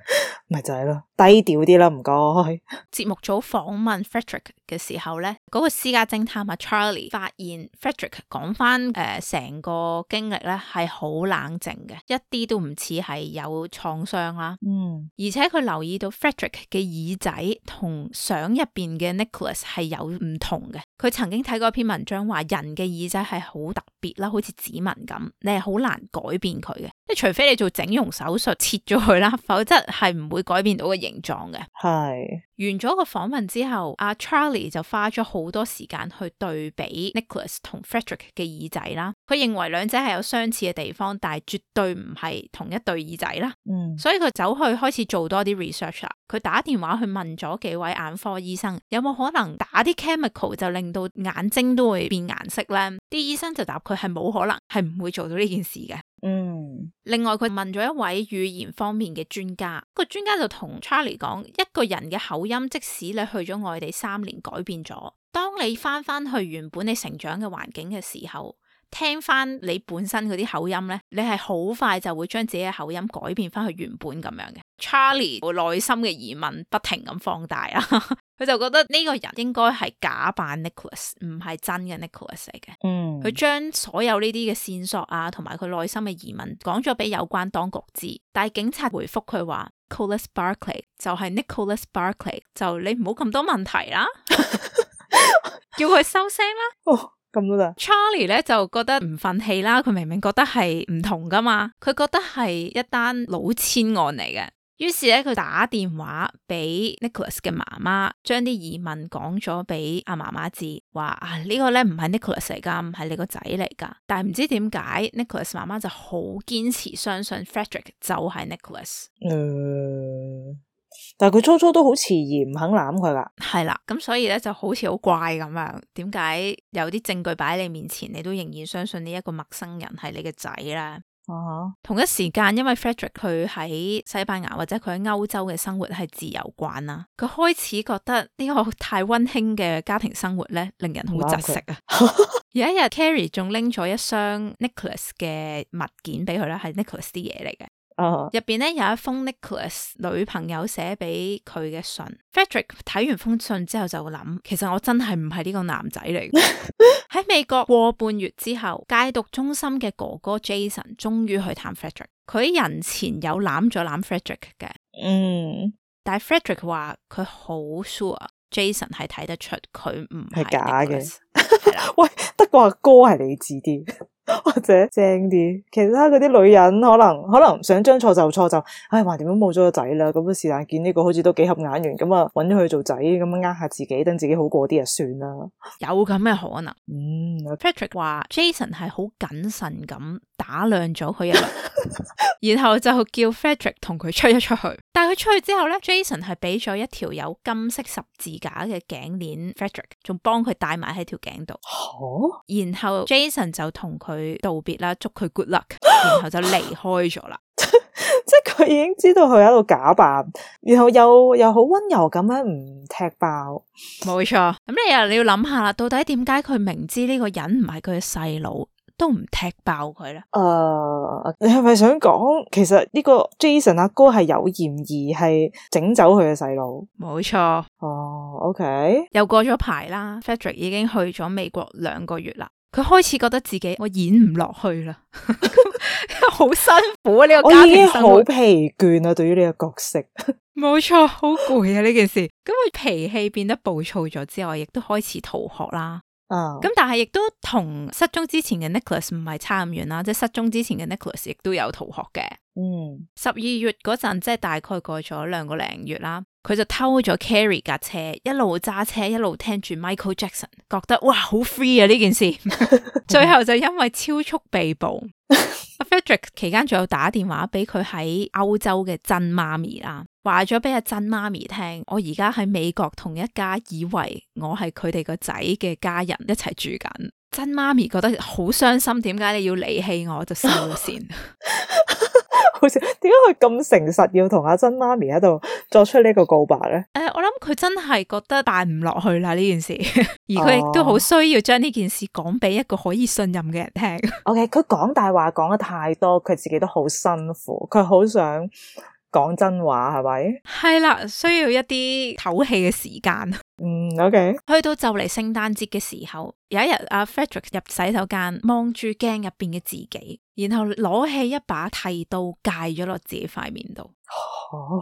咪就係咯。低調啲啦，唔該。節目組訪問 Frédéric 嘅時候咧，嗰個私家偵探阿 Charlie 發現 Frédéric 講翻誒成個經歷咧係好冷靜嘅，一啲都唔似係有創傷啦。嗯，而且佢留意到 Frédéric 嘅耳仔同相入邊嘅 Nicholas 係有唔同嘅。佢曾經睇過篇文章話，人嘅耳仔係好特別啦，好似指紋咁，你係好難改變佢嘅，即係除非你做整容手術切咗佢啦，否則係唔會改變到嘅。形狀嘅係。完咗個訪問之後，阿 Charlie 就花咗好多時間去對比 Nicholas 同 Frédéric 嘅耳仔啦。佢認為兩者係有相似嘅地方，但係絕對唔係同一對耳仔啦。嗯，所以佢走去開始做多啲 research 啦。佢打電話去問咗幾位眼科醫生，有冇可能打啲 chemical 就令到眼睛都會變顏色咧？啲醫生就答佢係冇可能，係唔會做到呢件事嘅。嗯。另外佢問咗一位語言方面嘅專家，個專家就同 Charlie 講，一個人嘅口。音，即使你去咗外地三年，改變咗，當你翻翻去原本你成長嘅環境嘅時候，聽翻你本身嗰啲口音咧，你係好快就會將自己嘅口音改變翻去原本咁樣嘅。Charlie 內心嘅疑問不停咁放大啊，佢 就覺得呢個人應該係假扮 Nicholas，唔係真嘅 Nicholas 嚟嘅。嗯，佢將所有呢啲嘅線索啊，同埋佢內心嘅疑問講咗俾有關當局知，但係警察回復佢話，Nicholas Barclay 就係 Nicholas Barclay 就你唔好咁多問題啦， 叫佢收聲啦。哦， 咁多啦。Charlie 咧就覺得唔忿氣啦，佢明明覺得係唔同噶嘛，佢覺得係一單老千案嚟嘅。於是咧，佢打電話俾 Nicholas 嘅媽媽，將啲疑問講咗俾阿媽媽知，話啊呢個咧唔係 Nicholas 嚟噶，唔係你個仔嚟噶。但係唔知點解 Nicholas 媽媽就好堅持相信 Frédéric 就係 Nicholas。誒，但係佢初初都好遲疑，唔肯攬佢啦。係啦，咁所以咧就好似好怪咁樣。點解有啲證據擺喺你面前，你都仍然相信呢一個陌生人係你嘅仔啦？哦，同一時間，因為 Frédéric 佢喺西班牙或者佢喺歐洲嘅生活係自由慣啦，佢開始覺得呢個太溫馨嘅家庭生活咧，令人好窒息、啊、Okay. 有一日，Carrie 仲拎咗一箱 Nicholas 嘅物件俾佢咧，係 Nicholas 啲嘢嚟嘅。入邊咧有一封 Nicholas 女朋友寫俾佢嘅信。Frederick 睇完封信之後就諗，其實我真係唔係呢個男仔嚟。喺 美國過半月之後，戒毒中心嘅哥哥 Jason 終於去探 Frederick。佢人前有攬咗攬 Frederick 嘅，嗯，但係 Frederick 話佢好 sure，Jason 係睇得出佢唔係假嘅。 喂，德國阿哥係理智啲。 或者正啲，其他嗰啲女人可能可能想將錯就錯就，唉、哎，橫掂都冇咗個仔啦。咁啊，是但見呢個好似都幾合眼緣，咁啊，揾咗佢做仔，咁樣呃下自己，等自己好過啲啊，算啦。有咁嘅可能。嗯，Patrick 話 Jason 係好謹慎咁打量咗佢一輪， 然後就叫 Fredrick 同佢出一出去。但係佢出去之後咧，Jason 係俾咗一條有金色十字架嘅頸鏈，Fredrick 仲幫佢戴埋喺條頸度。吓，哦、然後 Jason 就同佢。佢道別啦，祝佢 good luck，然後就離開咗啦。 即係佢已經知道佢喺度假扮，然後又又好温柔咁樣唔踢爆。冇錯，咁你又你要諗下啦，到底點解佢明知呢個人唔係佢嘅細佬都唔踢爆佢咧？誒，uh, 你係咪想講，其實呢個 Jason 阿哥係有嫌疑，係整走佢嘅細佬？冇錯。哦、oh，OK，又過咗排啦，Frédéric 已經去咗美國兩個月啦。佢開始覺得自己我演唔落去啦， 好辛苦啊！呢、這個家庭，好疲倦啊，對於呢個角色，冇 錯，好攰啊！呢 件事，咁佢脾氣變得暴躁咗之外，亦都開始逃學啦。啊！咁、嗯、但係亦都同失蹤之前嘅 Nicholas 唔係差咁遠啦，即係失蹤之前嘅 Nicholas 亦都有逃學嘅。嗯，十二月嗰陣即係大概過咗兩個零月啦，佢就偷咗 Carrie 架車，一路揸車一路聽住 Michael Jackson，覺得哇好 free 啊呢件事， 最後就因為超速被捕。 Frédéric 期間仲有打電話俾佢喺歐洲嘅真媽咪啦。話咗俾阿珍媽咪聽，我而家喺美國同一家以為我係佢哋個仔嘅家人一齊住緊。珍媽咪覺得好傷心，點解你要離棄我？就笑咗先。 好似點解佢咁誠實，要同阿珍媽咪喺度作出呢個告白呢？誒，uh, 我諗佢真係覺得帶唔落去啦呢件事，而佢亦都好需要將呢件事講俾一個可以信任嘅人聽。OK，佢講大話講得太多，佢自己都好辛苦，佢好想。講真話係咪？係啦，需要一啲唞氣嘅時間。嗯，OK。去到就嚟聖誕節嘅時候，有一日阿、啊、Frédéric 入洗手間，望住鏡入邊嘅自己，然後攞起一把剃刀，界咗落自己塊面度。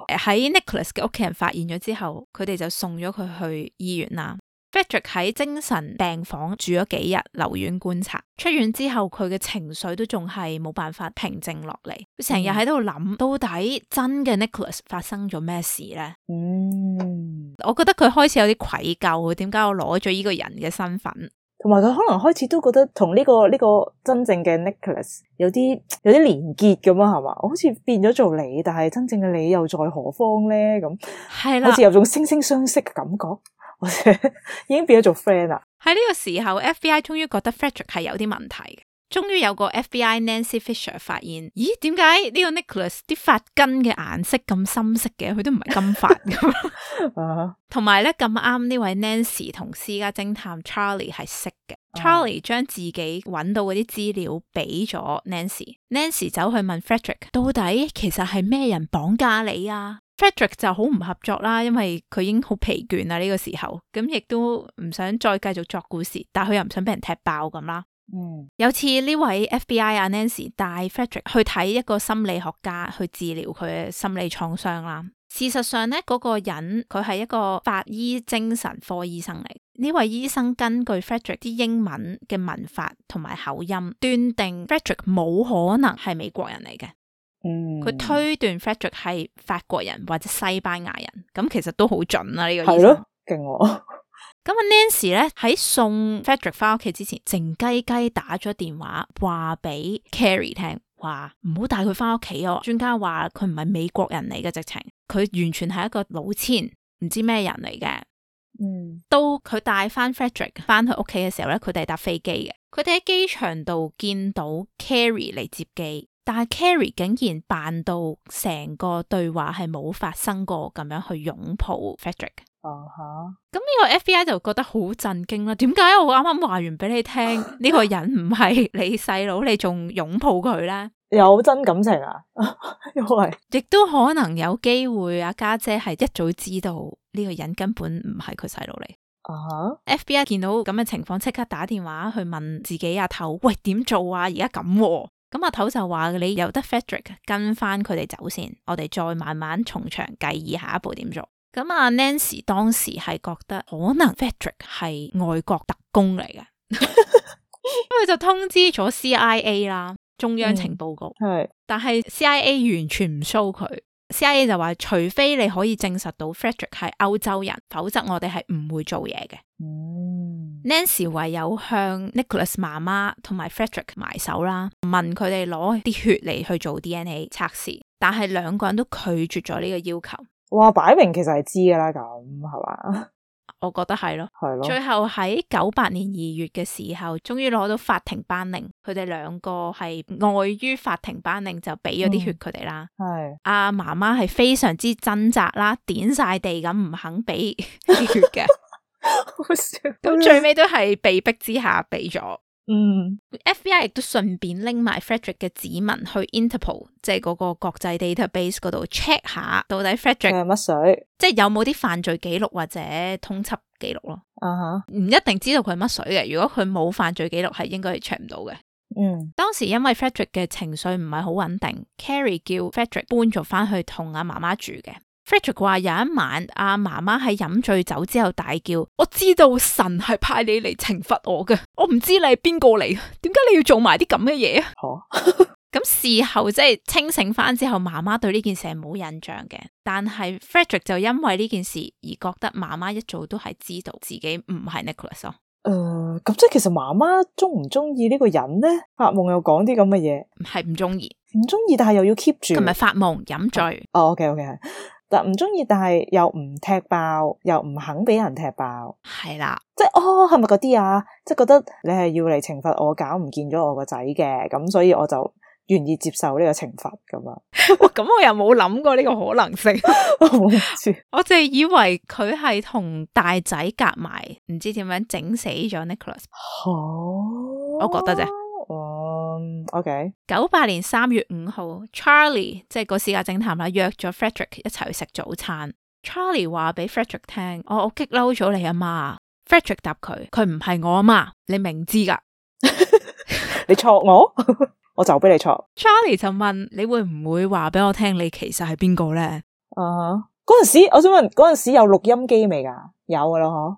喺 Nicholas 嘅屋企人發現咗之後，佢哋就送咗佢去醫院啦。Frederick 喺精神病房住咗幾日，留院觀察。出院之後，佢嘅情緒都仲係冇辦法平靜落嚟，佢成日喺度諗到底真嘅 Nicholas 發生咗咩事咧？嗯，我覺得佢開始有啲愧疚，點解我攞咗呢個人嘅身份？同埋佢可能開始都覺得同呢個呢個真正嘅 Nicholas 有啲有啲連結咁啊？係嘛？我好似變咗做你，但係真正嘅你又在何方咧？咁係啦，好似有種惺惺相惜嘅感覺。或者 已經變咗做 friend 啦。喺呢個時候，FBI 終於覺得 Frederick 係有啲問題嘅。終於有個 FBI Nancy Fisher 發現，咦？點解呢個 Nicholas 啲髮根嘅顏色咁深色嘅？佢都唔係金髮咁咯。同埋咧，咁啱呢位 Nancy 同私家偵探、uh, Charlie 係識嘅。Charlie 將自己揾到嗰啲資料俾咗 Nancy，Nancy 走去問 Frederick，到底其實係咩人綁架你啊？Frederick 就好唔合作啦，因為佢已經好疲倦啦呢個時候，咁亦都唔想再繼續作故事，但係佢又唔想俾人踢爆咁啦。嗯，有次呢位 FBI Nancy 帶 Frederick 去睇一個心理學家去治療佢嘅心理創傷啦。事實上呢，嗰個人佢係一個法醫精神科醫生嚟，呢位醫生根據 Frederick 啲英文嘅文法同埋口音，斷定 Frederick 冇可能係美國人嚟嘅。嗯，佢推斷 Frédéric 係法國人或者西班牙人，咁其實都好準啊。這個哦、呢個意思。係咯，勁喎。咁阿 Nancy 咧喺送 Frédéric 翻屋企之前，靜雞雞打咗電話話俾 Carrie 聽話，唔好帶佢翻屋企哦。專家話佢唔係美國人嚟嘅，直情佢完全係一個老千，唔知咩人嚟嘅。嗯，到佢帶翻 Frédéric 翻去屋企嘅時候咧，佢哋係搭飛機嘅，佢哋喺機場度見到 Carrie 嚟接機。但係 Carrie 竟然扮到成個對話係冇發生過咁樣去擁抱、Frédéric uh huh. Frédéric 哦，咁呢個 FBI 就覺得好震驚啦。點解我啱啱話完俾你聽呢、uh huh. 個人唔係你細佬，你仲擁抱佢呢？有真感情啊？亦 是都可能有機會，阿家姐係一早知道呢個人根本唔係佢細佬嚟。啊、uh huh. FBI 見到咁嘅情況，即刻打電話去問自己阿頭：喂，點做啊？而家咁。咁阿頭就話，你由得 Frédéric 跟翻佢哋走先，我哋再慢慢從長計議下一步點做。咁阿、啊、Nancy 當時係覺得可能 Frédéric 係外國特工嚟嘅，咁 佢 就通知咗 CIA 啦，中央情報局。係、嗯，但係 CIA 完全唔 show 佢，CIA 就話除非你可以證實到 Frédéric 係歐洲人，否則我哋係唔會做嘢嘅。嗯 Nancy 唯有向 Nicholas 媽媽同埋 Frederick 埋手啦，問佢哋攞啲血嚟去做 DNA 測試，但係兩個人都拒絕咗呢個要求。哇！擺明其實係知㗎啦，咁係嘛？我覺得係咯，係咯。最後喺九八年二月嘅時候，終於攞到法庭班令，佢哋兩個係礙於法庭班令就俾咗啲血佢哋啦。係阿媽媽係非常之掙扎啦，點晒地咁唔肯俾啲血嘅。 好笑，咁最尾都係被逼之下俾咗。嗯，FBI 亦都順便拎埋 Frédéric 嘅指紋去 Interpol，即係嗰個國際 database 嗰度 check 下，到底 Frédéric 係乜水，即係有冇啲犯罪記錄或者通緝記錄咯。啊哈，唔一定知道佢係乜水嘅。如果佢冇犯罪記錄，係應該係 check 唔到嘅。嗯，當時因為 Frédéric 嘅情緒唔係好穩定、嗯、Carrie 叫 Frédéric 搬咗翻去同阿媽媽住嘅。Frederick 話：有一晚，阿媽媽喺飲醉酒之後大叫：我知道神係派你嚟懲罰我嘅。我唔知你係邊個嚟，點解你要做埋啲咁嘅嘢啊？咁事、哦、 後即係清醒翻之後，媽媽對呢件事係冇印象嘅。但係 Frederick 就因為呢件事而覺得媽媽一早都係知道自己唔係 Nicholas 咯。誒、呃，咁即係其實媽媽中唔中意呢個人呢？發夢又講啲咁嘅嘢，係唔中意，唔中意，但係又要 keep 住，同埋發夢、飲醉。哦，OK，OK。哦 okay, okay. 唔中意，但係又唔踢爆，又唔肯俾人踢爆，係啦是的，即係哦，係咪嗰啲啊？即係覺得你係要嚟懲罰我搞唔見咗我個仔嘅，咁、嗯、所以我就願意接受呢個懲罰咁啊！哇，咁我又冇諗過呢個可能性， 我淨係想 以為佢係同大仔夾埋，唔知點樣整死咗 Nicholas。好、哦，我覺得啫。哦、um,，OK。九八年三月五號，Charlie 即係個私家偵探啦，約咗 Frédéric 一齊去食早餐。Charlie 話俾 Frédéric 聽、哦：，我我激嬲咗你阿媽！Frédéric 答佢：，佢唔係我阿媽，你明知噶， 你錯挫我， 我就俾你錯。Charlie 就問：，你會唔會話俾我聽你，你其實係邊個咧？啊、uh，嗰、huh. 陣時我想問，嗰陣時有錄音機未？噶有噶啦，嗬，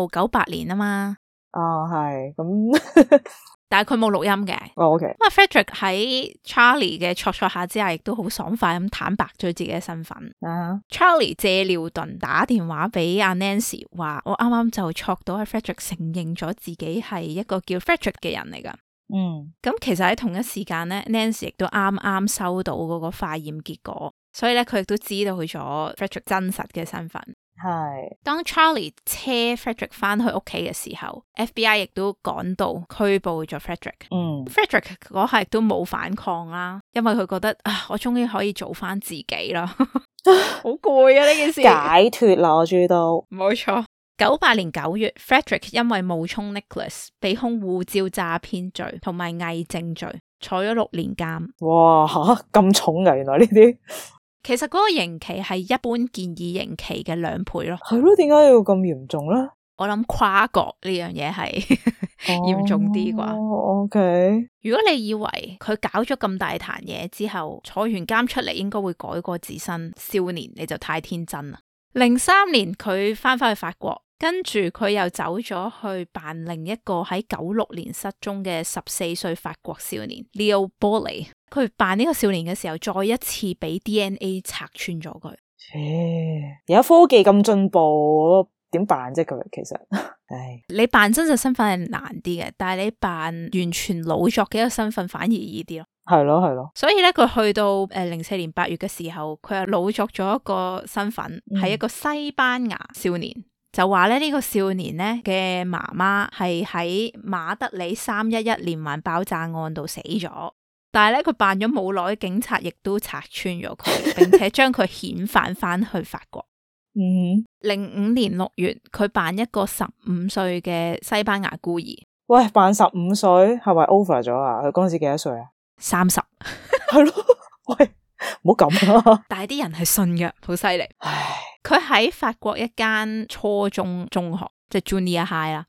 有九八、huh? 年啊嘛，啊係咁。Huh. 但係佢冇錄音嘅。哦、oh,，OK。咁啊，Frédéric 喺 Charlie 嘅撮撮下之下，亦都好爽快咁坦白咗自己嘅身份。啊、uh huh.，Charlie 借尿遁打電話俾阿 Nancy，話我啱啱就撮到阿 Frédéric 承認咗自己係一個叫 Frédéric 嘅人嚟噶。嗯、uh，咁、huh. 其實喺同一時間咧，Nancy 亦都啱啱收到嗰個化驗結果，所以咧佢亦都知道佢咗 Frédéric 真實嘅身份。係當 Charlie 車 Frederick 翻去屋企嘅時候，FBI 亦都趕到拘捕咗 Frederick。嗯，Frederick 嗰下亦都冇反抗啦，因為佢覺得啊，我終於可以做翻自己啦， 好攰啊呢 件事解脱咯，我注意到冇錯。九八年九月，Frederick 因為冒充 Nicholas 被控護照詐騙罪同埋偽證罪，坐咗六年監。哇咁、啊、重嘅、啊，原來呢啲。 其實嗰個刑期係一般建議刑期嘅兩倍咯。係咯，點解要咁嚴重呢？我諗跨國呢樣嘢係嚴重啲啩。哦，OK，如果你以為佢搞咗咁大壇嘢之後坐完監出嚟，應該會改過自新，少年你就太天真啦。零三年佢翻返去法國。跟住佢又走咗去扮另一個喺九六年失蹤嘅十四歲法國少年 Leo 波利，佢、e、扮呢個少年嘅時候，再一次俾 DNA 拆穿咗佢。而家科技咁進步，點辦啫？佢其實，哎、你扮真實身份係難啲嘅，但係你扮完全老作嘅一個身份反而易啲咯。係咯，係咯。所以咧，佢去到誒零四年八月嘅時候，佢又老作咗一個身份，係、嗯、一個西班牙少年。就話咧呢個少年咧嘅媽媽係喺馬德里三一一連環爆炸案度死咗，但係咧佢扮咗冇耐，警察亦都拆穿咗佢，並且將佢遣返翻去法國。嗯，零五年六月，佢扮一個十五歲嘅西班牙孤兒。喂，扮十五歲係咪 over 咗啊？佢嗰時幾多歲啊？三十。係 咯，喂，唔好咁啊！但係啲人係信嘅，好犀利。唉。佢喺法國一間初中中學，即係 Junior High 啦，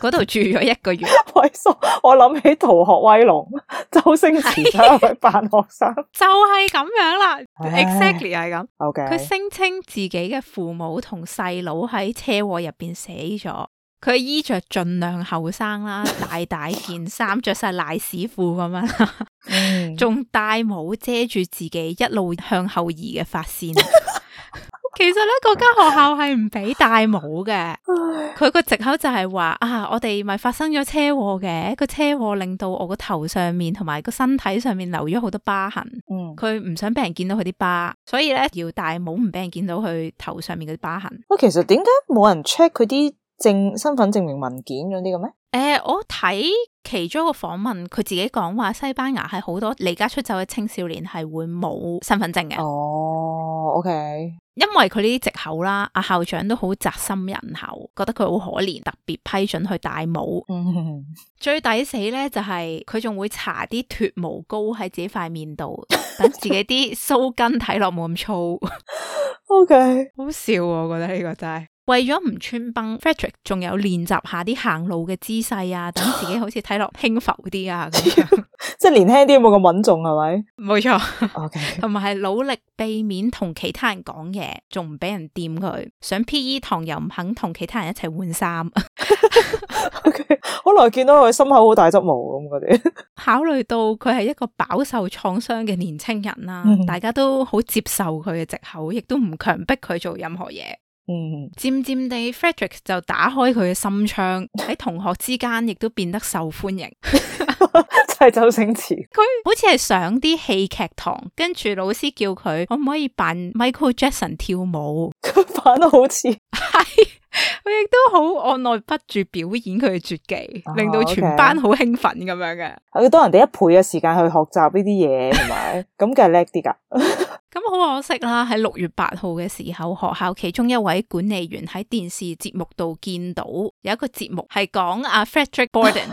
嗰度住咗一個月。喂， 我諗起逃學威龍，周星馳都係扮學生， 就係咁樣啦 ，Exactly 係咁。OK，佢聲稱自己嘅父母同細佬喺車禍入邊死咗，佢衣着盡量後生啦，大大件衫，着晒瀨屎褲咁樣，仲戴帽遮住自己一路向後移嘅髮線。 其實咧，嗰間學校係唔俾戴帽嘅。佢個借口就係話啊，我哋咪發生咗車禍嘅，個車禍令到我個頭上面同埋個身體上面留咗好多疤痕。嗯，佢唔想俾人見到佢啲疤，所以呢，要戴帽唔俾人見到佢頭上面嗰啲疤痕。其實點解冇人 check 佢啲證、身份證明文件嗰啲嘅咩？誒，我睇其中一個訪問，佢自己講話西班牙係好多離家出走嘅青少年係會冇身份證嘅。哦、oh,，OK，因為佢呢啲藉口啦，阿校長都好惻隱人哋，覺得佢好可憐，特別批准佢戴帽。Mm hmm. 最抵死呢，就係佢仲會搽啲脱毛膏喺自己塊面度，等 自己啲鬚根睇落冇咁粗。OK，好笑啊，我覺得呢個真係。為咗唔穿崩，Frédéric 仲有練習下啲行路嘅姿勢啊，等自己好似睇落輕浮啲啊，咁樣 即係年輕啲冇咁穩重係咪？冇錯錯，OK，同埋係努力避免同其他人講嘢，仲唔俾人掂佢，上 P.E. 堂又唔肯同其他人一齊換衫。 OK，好耐、 okay. 見到佢心口好大執毛咁嗰啲。 考慮到佢係一個飽受創傷嘅年青人啦，mm hmm. 大家都好接受佢嘅藉口，亦都唔強迫佢做任何嘢。嗯，漸漸地 Frédéric 就打開佢嘅心窗，喺同學之間亦都變得受歡迎。 就係周星馳，佢好似係上啲戲劇堂，跟住老師叫佢可唔可以扮 Michael Jackson 跳舞，佢 扮到好似係。 我亦都好按捺不住表演佢嘅絕技，令到全班好興奮咁、oh, okay. 樣嘅。要多人哋一倍嘅時間去學習呢啲嘢，係咪？ 咁梗係叻啲噶。咁好 可惜啦，喺六月八號嘅時候，學校其中一位管理員喺電視節目度見到有一個節目係講阿、啊、Frédéric Bourdin，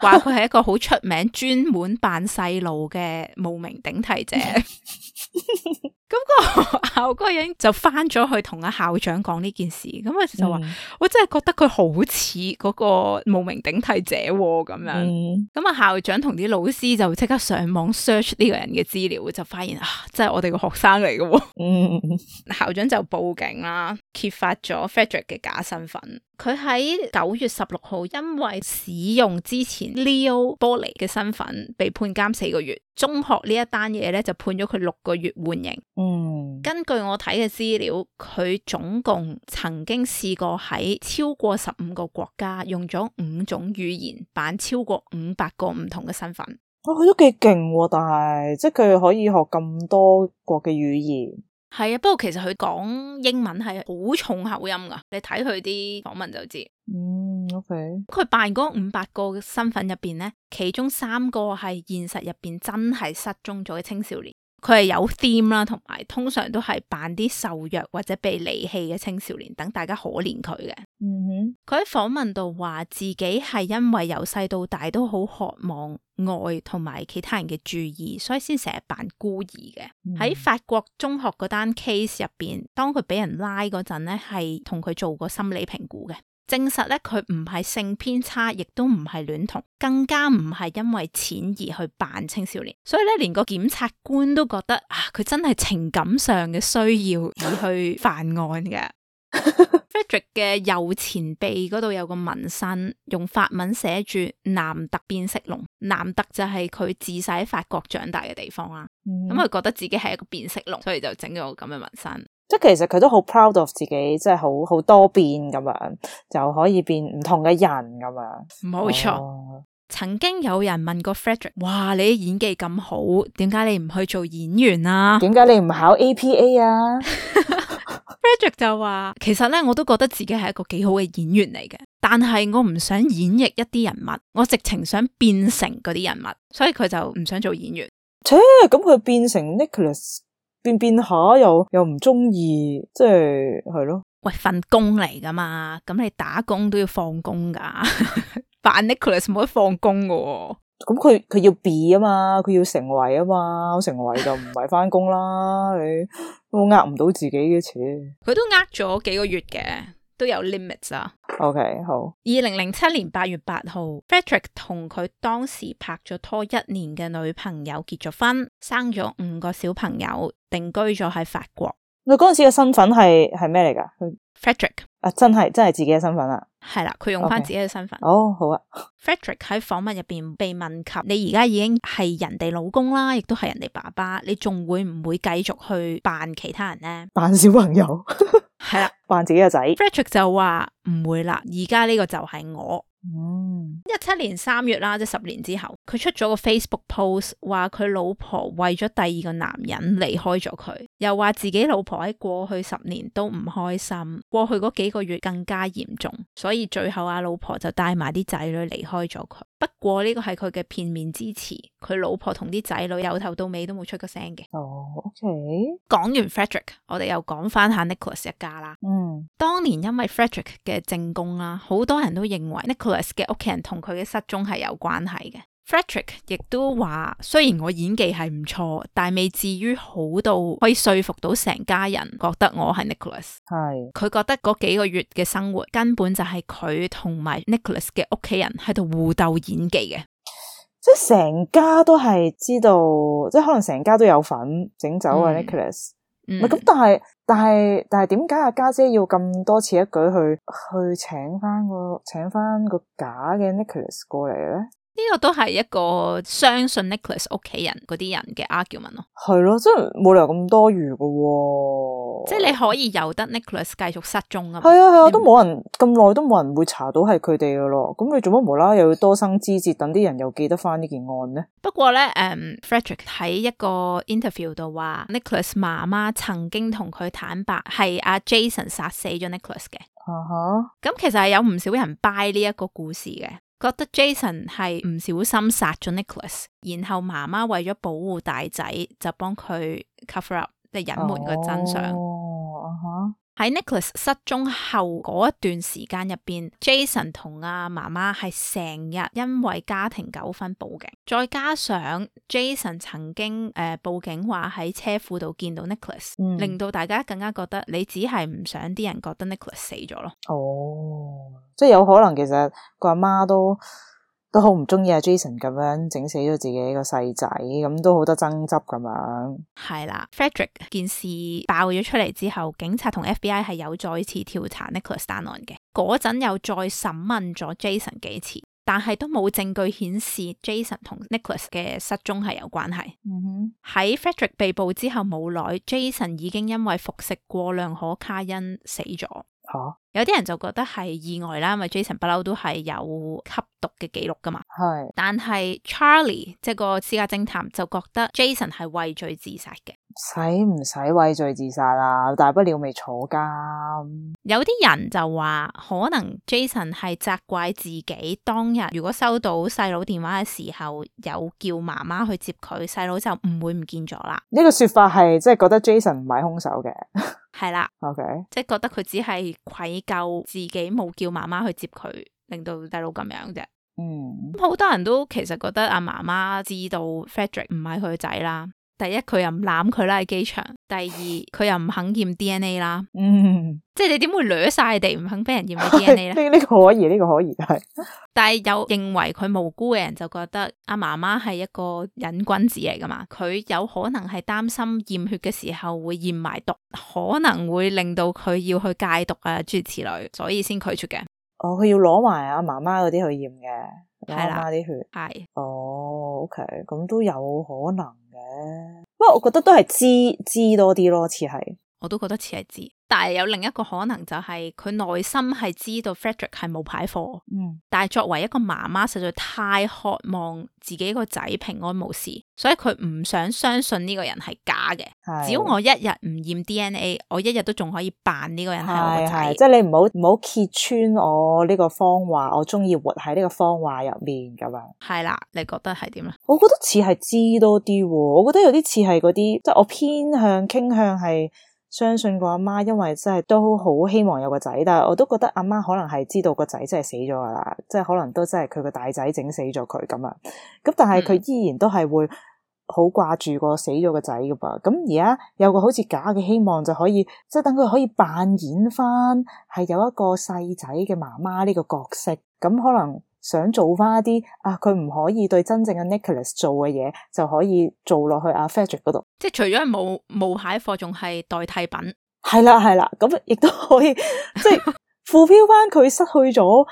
話佢係 一個好出名專門扮細路嘅無名頂替者。 咁個學校嗰個人就翻咗去同阿校長講呢件事，咁佢就話、嗯、我真係覺得佢好似嗰個冒名頂替者咁、哦、樣，咁啊、嗯、校長同啲老師就即刻上網 search 呢個人嘅資料，就發現啊，真係我哋個學生嚟嘅、哦，嗯、校長就報警啦，揭發咗 Frédéric 嘅假身份。佢喺九月十六號，因為使用之前 Leo 玻璃嘅身份被判監四個月。中學呢一單嘢咧就判咗佢六個月緩刑。嗯，根據我睇嘅資料，佢總共曾經試過喺超過十五個國家用咗五種語言，扮超過五百個唔同嘅身份。哇、哦，佢都幾勁喎！但係即係佢可以學咁多國嘅語言。係啊，不過其實佢講英文係好重口音噶，你睇佢啲訪問就知。嗯，OK。佢扮嗰五百個身份入邊咧，其中三個係現實入邊真係失蹤咗嘅青少年。佢係有 theme 啦，同埋通常都係扮啲受虐或者被離棄嘅青少年，等大家可憐佢嘅。嗯哼、mm，佢喺訪問度話自己係因為由細到大都好渴望愛同埋其他人嘅注意，所以先成日扮孤兒嘅。喺、mm hmm. 法國中學嗰單 case 入邊，當佢俾人拉嗰陣咧，係同佢做過心理評估嘅。證實咧，佢唔係性偏差，亦都唔係戀童，更加唔係因為錢而去扮青少年。所以咧，連個檢察官都覺得啊，佢真係情感上嘅需要而去犯案嘅。 Frédéric 嘅右前臂嗰度有個紋身，用法文寫住“南特變色龍”。南特就係佢自細喺法國長大嘅地方啦。咁佢、嗯、覺得自己係一個變色龍，所以就整咗個咁嘅紋身。即係其實佢都好 proud of 自己，即係好好多變咁樣，就可以變唔同嘅人咁樣。冇錯錯。哦、曾經有人問過 Frédéric，哇，你啲演技咁好，點解你唔去做演員啊？點解你唔考 APA 啊 ？Frédéric 就話， 其實咧，我都覺得自己係一個幾好嘅演員嚟嘅，但係我唔想演繹一啲人物，我直情想變成嗰啲人物，所以佢就唔想做演員。切、呃，咁佢變成 Nicholas。變變下又又唔中意，即係係咯。喂，份工嚟噶嘛？咁你打工都要放工噶。But Nicholas 冇得放工噶。咁佢佢要變啊嘛，佢要成為啊嘛，成為就唔係翻工啦。 你都呃唔到自己嘅錢。佢都呃咗幾個月嘅。都有 limits 啊。OK，好。二零零七年八月八號，Frédéric 同佢當時拍咗拖一年嘅女朋友結咗婚，生咗五個小朋友，定居咗喺法國。佢嗰陣時嘅身份係係咩嚟噶？Frédéric 啊，真係真係自己嘅身份啦、啊。係啦，佢用翻自己嘅身份。哦，okay. oh, 好啊。Frédéric 喺訪問入邊被問及：你而家已經係人哋老公啦，亦都係人哋爸爸，你仲會唔會繼續去扮其他人咧？扮小朋友，係 啦的，扮自己嘅仔。Frédéric 就話唔會啦，而家呢個就係我。哦，一七年三月啦，即十年之後，佢出咗個 Facebook post，話佢老婆為咗第二個男人離開咗佢，又話自己老婆喺過去十年都唔開心，過去嗰幾個月更加嚴重，所以最後阿老婆就帶埋啲仔女離開咗佢。不過呢個係佢嘅片面之詞，佢老婆同啲仔女由頭到尾都冇出過聲嘅。哦，OK。講完 Frédéric，我哋又講返下 Nicholas 一家啦。嗯，mm. 當年因為 Frédéric 嘅證供啦，好多人都認為 Nicholas 嘅屋企人同佢嘅失蹤係有關係嘅。Frédéric 亦都話，雖然我演技係唔錯，但係未至於好到可以說服到成家人覺得我係 Nicholas。係佢是覺得嗰幾個月嘅生活根本就係佢同埋 Nicholas 嘅屋企人喺度互鬥演技嘅，即係成家都係知道，即係可能成家都有份整走啊、嗯、Nicholas。唔係咁、嗯，但係但係但係點解阿家姐要咁多此一舉去去請翻個請翻個假嘅 Nicholas 過嚟咧？呢個都係一個相信 Nicholas 屋企人嗰啲人嘅 argument 咯，係咯，真係冇理由咁多餘噶、哦，即係你可以由得 Nicholas 繼續失蹤啊，嘛？係啊係啊，不都冇人咁耐都冇人會查到係佢哋噶咯，咁你做乜無啦啦又要多生枝節，等啲人又記得翻呢件案呢？不過呢誒、嗯、，Frédéric 喺一個 interview 度話 ，Nicholas 媽媽曾經同佢坦白係阿、啊、Jason 殺死咗 Nicholas 嘅，咁、uh huh. 嗯、其實係有唔少人 buy 呢一個故事嘅。覺得 Jason 係唔小心殺咗 Nicholas，然後媽媽為咗保護大仔就幫佢 cover up，即係隱瞞個真相。Oh, uh huh. 喺 Nicholas 失蹤後嗰一段時間入邊，Jason 同阿媽媽係成日因為家庭糾紛報警，再加上 Jason 曾經誒、呃、報警話喺車庫度見到 Nicholas，、嗯、令到大家更加覺得你只係唔想啲人覺得 Nicholas 死咗咯。哦，即係有可能其實個阿媽都。都好唔中意阿 Jason 咁樣整死咗自己個細仔，咁都好多爭執咁樣。係啦，Frederick 件事爆咗出嚟之後，警察同 FBI 係有再次調查 Nicholas 單案嘅。嗰陣又再審問咗 Jason 幾次，但係都冇證據顯示 Jason 同 Nicholas 嘅失蹤係有關係。嗯哼，喺 Frederick 被捕之後冇耐，Jason 已經因為服食過量可卡因死咗。有啲人就覺得係意外啦，因為 Jason 不嬲都係有吸毒嘅記錄噶嘛。係是，但係 Charlie 即係個私家偵探就覺得 Jason 係畏罪自殺嘅。使唔使畏罪自殺啊？大不了咪坐監。有啲人就話可能 Jason 係責怪自己當日如果收到細佬電話嘅時候有叫媽媽去接佢，細佬就唔會唔見咗啦。呢個說法係即係覺得 Jason 唔係兇手嘅。 係啦，Okay. 即係覺得佢只係愧疚自己冇叫媽媽去接佢，令到大佬咁樣啫。嗯，好多人都其實覺得阿媽媽知道 Frédéric 唔係佢嘅仔啦。第一佢又唔攬佢啦喺機場，第二佢又唔肯驗 DNA 啦，嗯，即係你點會掠晒地唔肯俾人驗 DNA 咧？呢呢 個可以，呢、呢個可以係。但係有認為佢無辜嘅人就覺得阿媽媽係一個癮君子嚟㗎嘛，佢有可能係擔心驗血嘅時候會驗埋毒，可能會令到佢要去戒毒啊諸如此類，所以先拒絕嘅。哦，佢要攞埋阿媽媽嗰啲去驗嘅，阿的媽啲血係。哦的、oh,，OK，咁都有可能。不過我覺得都係知知多啲咯，似係，我都覺得似係知。但係有另一個可能就係佢內心係知道 Frederick 係冒牌貨，嗯，但係作為一個媽媽，實在太渴望自己個仔平安無事，所以佢唔想相信呢個人係假嘅。係。只要我一日唔驗 DNA，我一日都仲可以扮呢個人係我仔。係係係，即係你唔好唔好揭穿我呢個謊話，我中意活喺呢個謊話入面咁樣。係啦，你覺得係點咧？我覺得似係知多啲，我覺得有啲似係嗰啲，即係我偏向傾向係。相信個阿媽，因為真係都好希望有個仔，但係我都覺得阿媽可能係知道個仔真係死咗噶啦，即係可能都真係佢個大仔整死咗佢咁啊。咁但係佢依然都係會好掛住個死咗個仔噶噃。咁而家有個好似假嘅希望，就可以即係等佢可以扮演翻係有一個細仔嘅媽媽呢個角色，咁可能。想做翻一啲啊，佢唔可以對真正嘅 Nicholas 做嘅嘢，就可以做落去阿、啊、Frédéric 嗰度。即係除咗冇冇海貨，仲係代替品。係 啦，係啦，咁亦都可以，即係浮漂翻佢失去咗。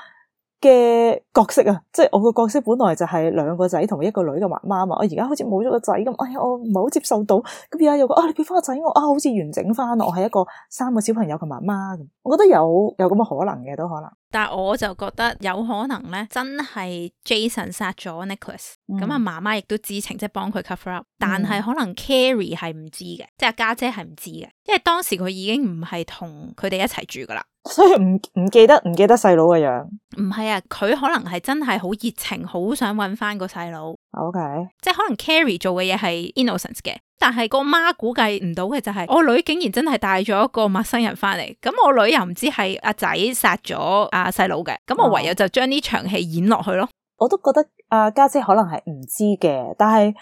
嘅角色啊，即係我個角色本來就係兩個仔同一個女嘅媽媽嘛。我而家好似冇咗個仔咁，哎呀，我唔係好接受到，咁而家有個啊，你俾翻個仔我啊，好似完整翻，我係一個三個小朋友嘅媽媽，我覺得有有咁嘅可能嘅都可能，但係我就覺得有可能咧，真係 Jason 殺咗 Nicholas，咁啊媽、嗯、媽亦都知情，即係幫佢 cover up，但係可能 Carrie 係唔知嘅，嗯、即係家姐係唔知嘅，因為當時佢已經唔係同佢哋一齊住噶啦。所以唔唔記得唔記得細佬嘅樣，唔係啊，佢可能係真係好熱情，好想揾翻個細佬。OK，即係可能 Carrie 做嘅嘢係 innocence 嘅，但係個媽估計唔到嘅就係我女竟然真係帶咗個陌生人翻嚟，咁我女又唔知係阿仔殺咗阿細佬嘅，咁我唯有就將呢場戲演落去咯。Oh. 我都覺得阿家姐可能係唔知嘅，但係嗱，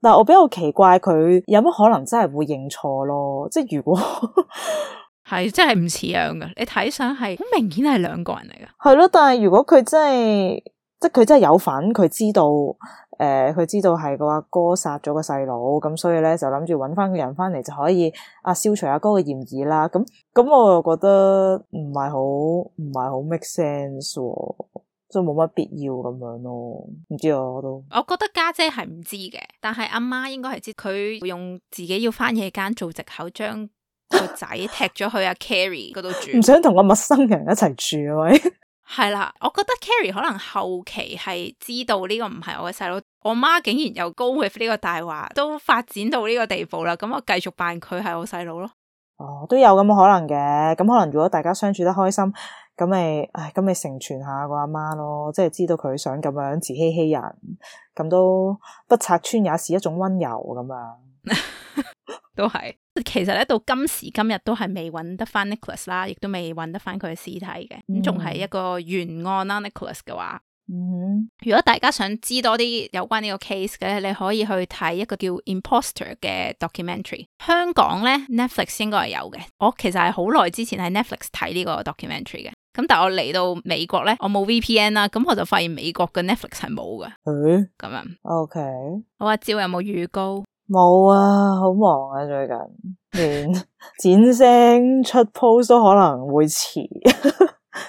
但我比較奇怪佢有乜可能真係會認錯咯，即係如果。 係真係唔似樣噶，你睇上係好明顯係兩個人嚟噶。係咯，但係如果佢真係，即係佢真係有份，佢知道，誒、呃，佢知道係個阿哥殺咗個細佬，咁所以咧就諗住揾翻個人翻嚟就可以啊，消除阿哥嘅嫌疑啦。咁咁、哦，我又覺得唔係好，唔係好 make sense，即係冇乜必要咁樣咯。唔知啊，我都。我覺得家姐係唔知嘅，但係阿媽，媽應該係知。佢用自己要翻夜間做藉口將。個仔 踢咗去阿 Carrie 嗰度住，唔 想同個陌生人一齊住，喂，係啦。 我覺得 Carrie 可能後期係知道呢個唔係我嘅細佬，我媽竟然又 go with 呢個大話，都發展到呢個地步啦。咁我繼續扮佢係我細佬咯。哦，都有咁嘅可能嘅。咁可能如果大家相處得開心，咁咪唉，咁咪成全下個阿媽咯。即係知道佢想咁樣自欺欺人，咁都不拆穿也是一種溫柔咁樣， 都係。其實咧，到今時今日都係未揾得翻 Nicholas 啦，亦都未揾得翻佢嘅屍體嘅，咁仲係一個懸案啦 Nicholas 嘅話。Mm hmm. 如果大家想知道多啲有關呢個 case 嘅，你可以去睇一個叫《Imposter》嘅 documentary。香港咧 Netflix 應該係有嘅。我其實係好耐之前喺 Netflix 睇呢個 documentary 嘅，咁但係我嚟到美國咧，我冇 VPN 啦、啊，咁我就發現美國嘅 Netflix 係冇嘅。咁樣？OK。我阿招有冇預告？冇啊，好忙啊，最近連剪聲出 post 都可能會遲，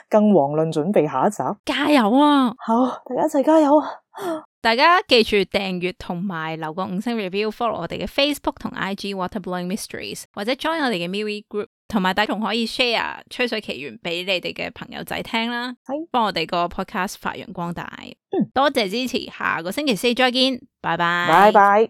更遑論準備下一集。加油啊！好，大家一齊加油啊！ 大家記住訂閱同埋留個五星 review，follow 我哋嘅 Facebook 同 IG Water Blowing Mysteries，或者 join 我哋嘅 Mimi Group，同埋大家仲可以 share 吹水奇緣俾你哋嘅朋友仔聽啦，幫我哋個 podcast 發揚光大。嗯、多謝支持，下個星期四再見，拜拜，拜拜。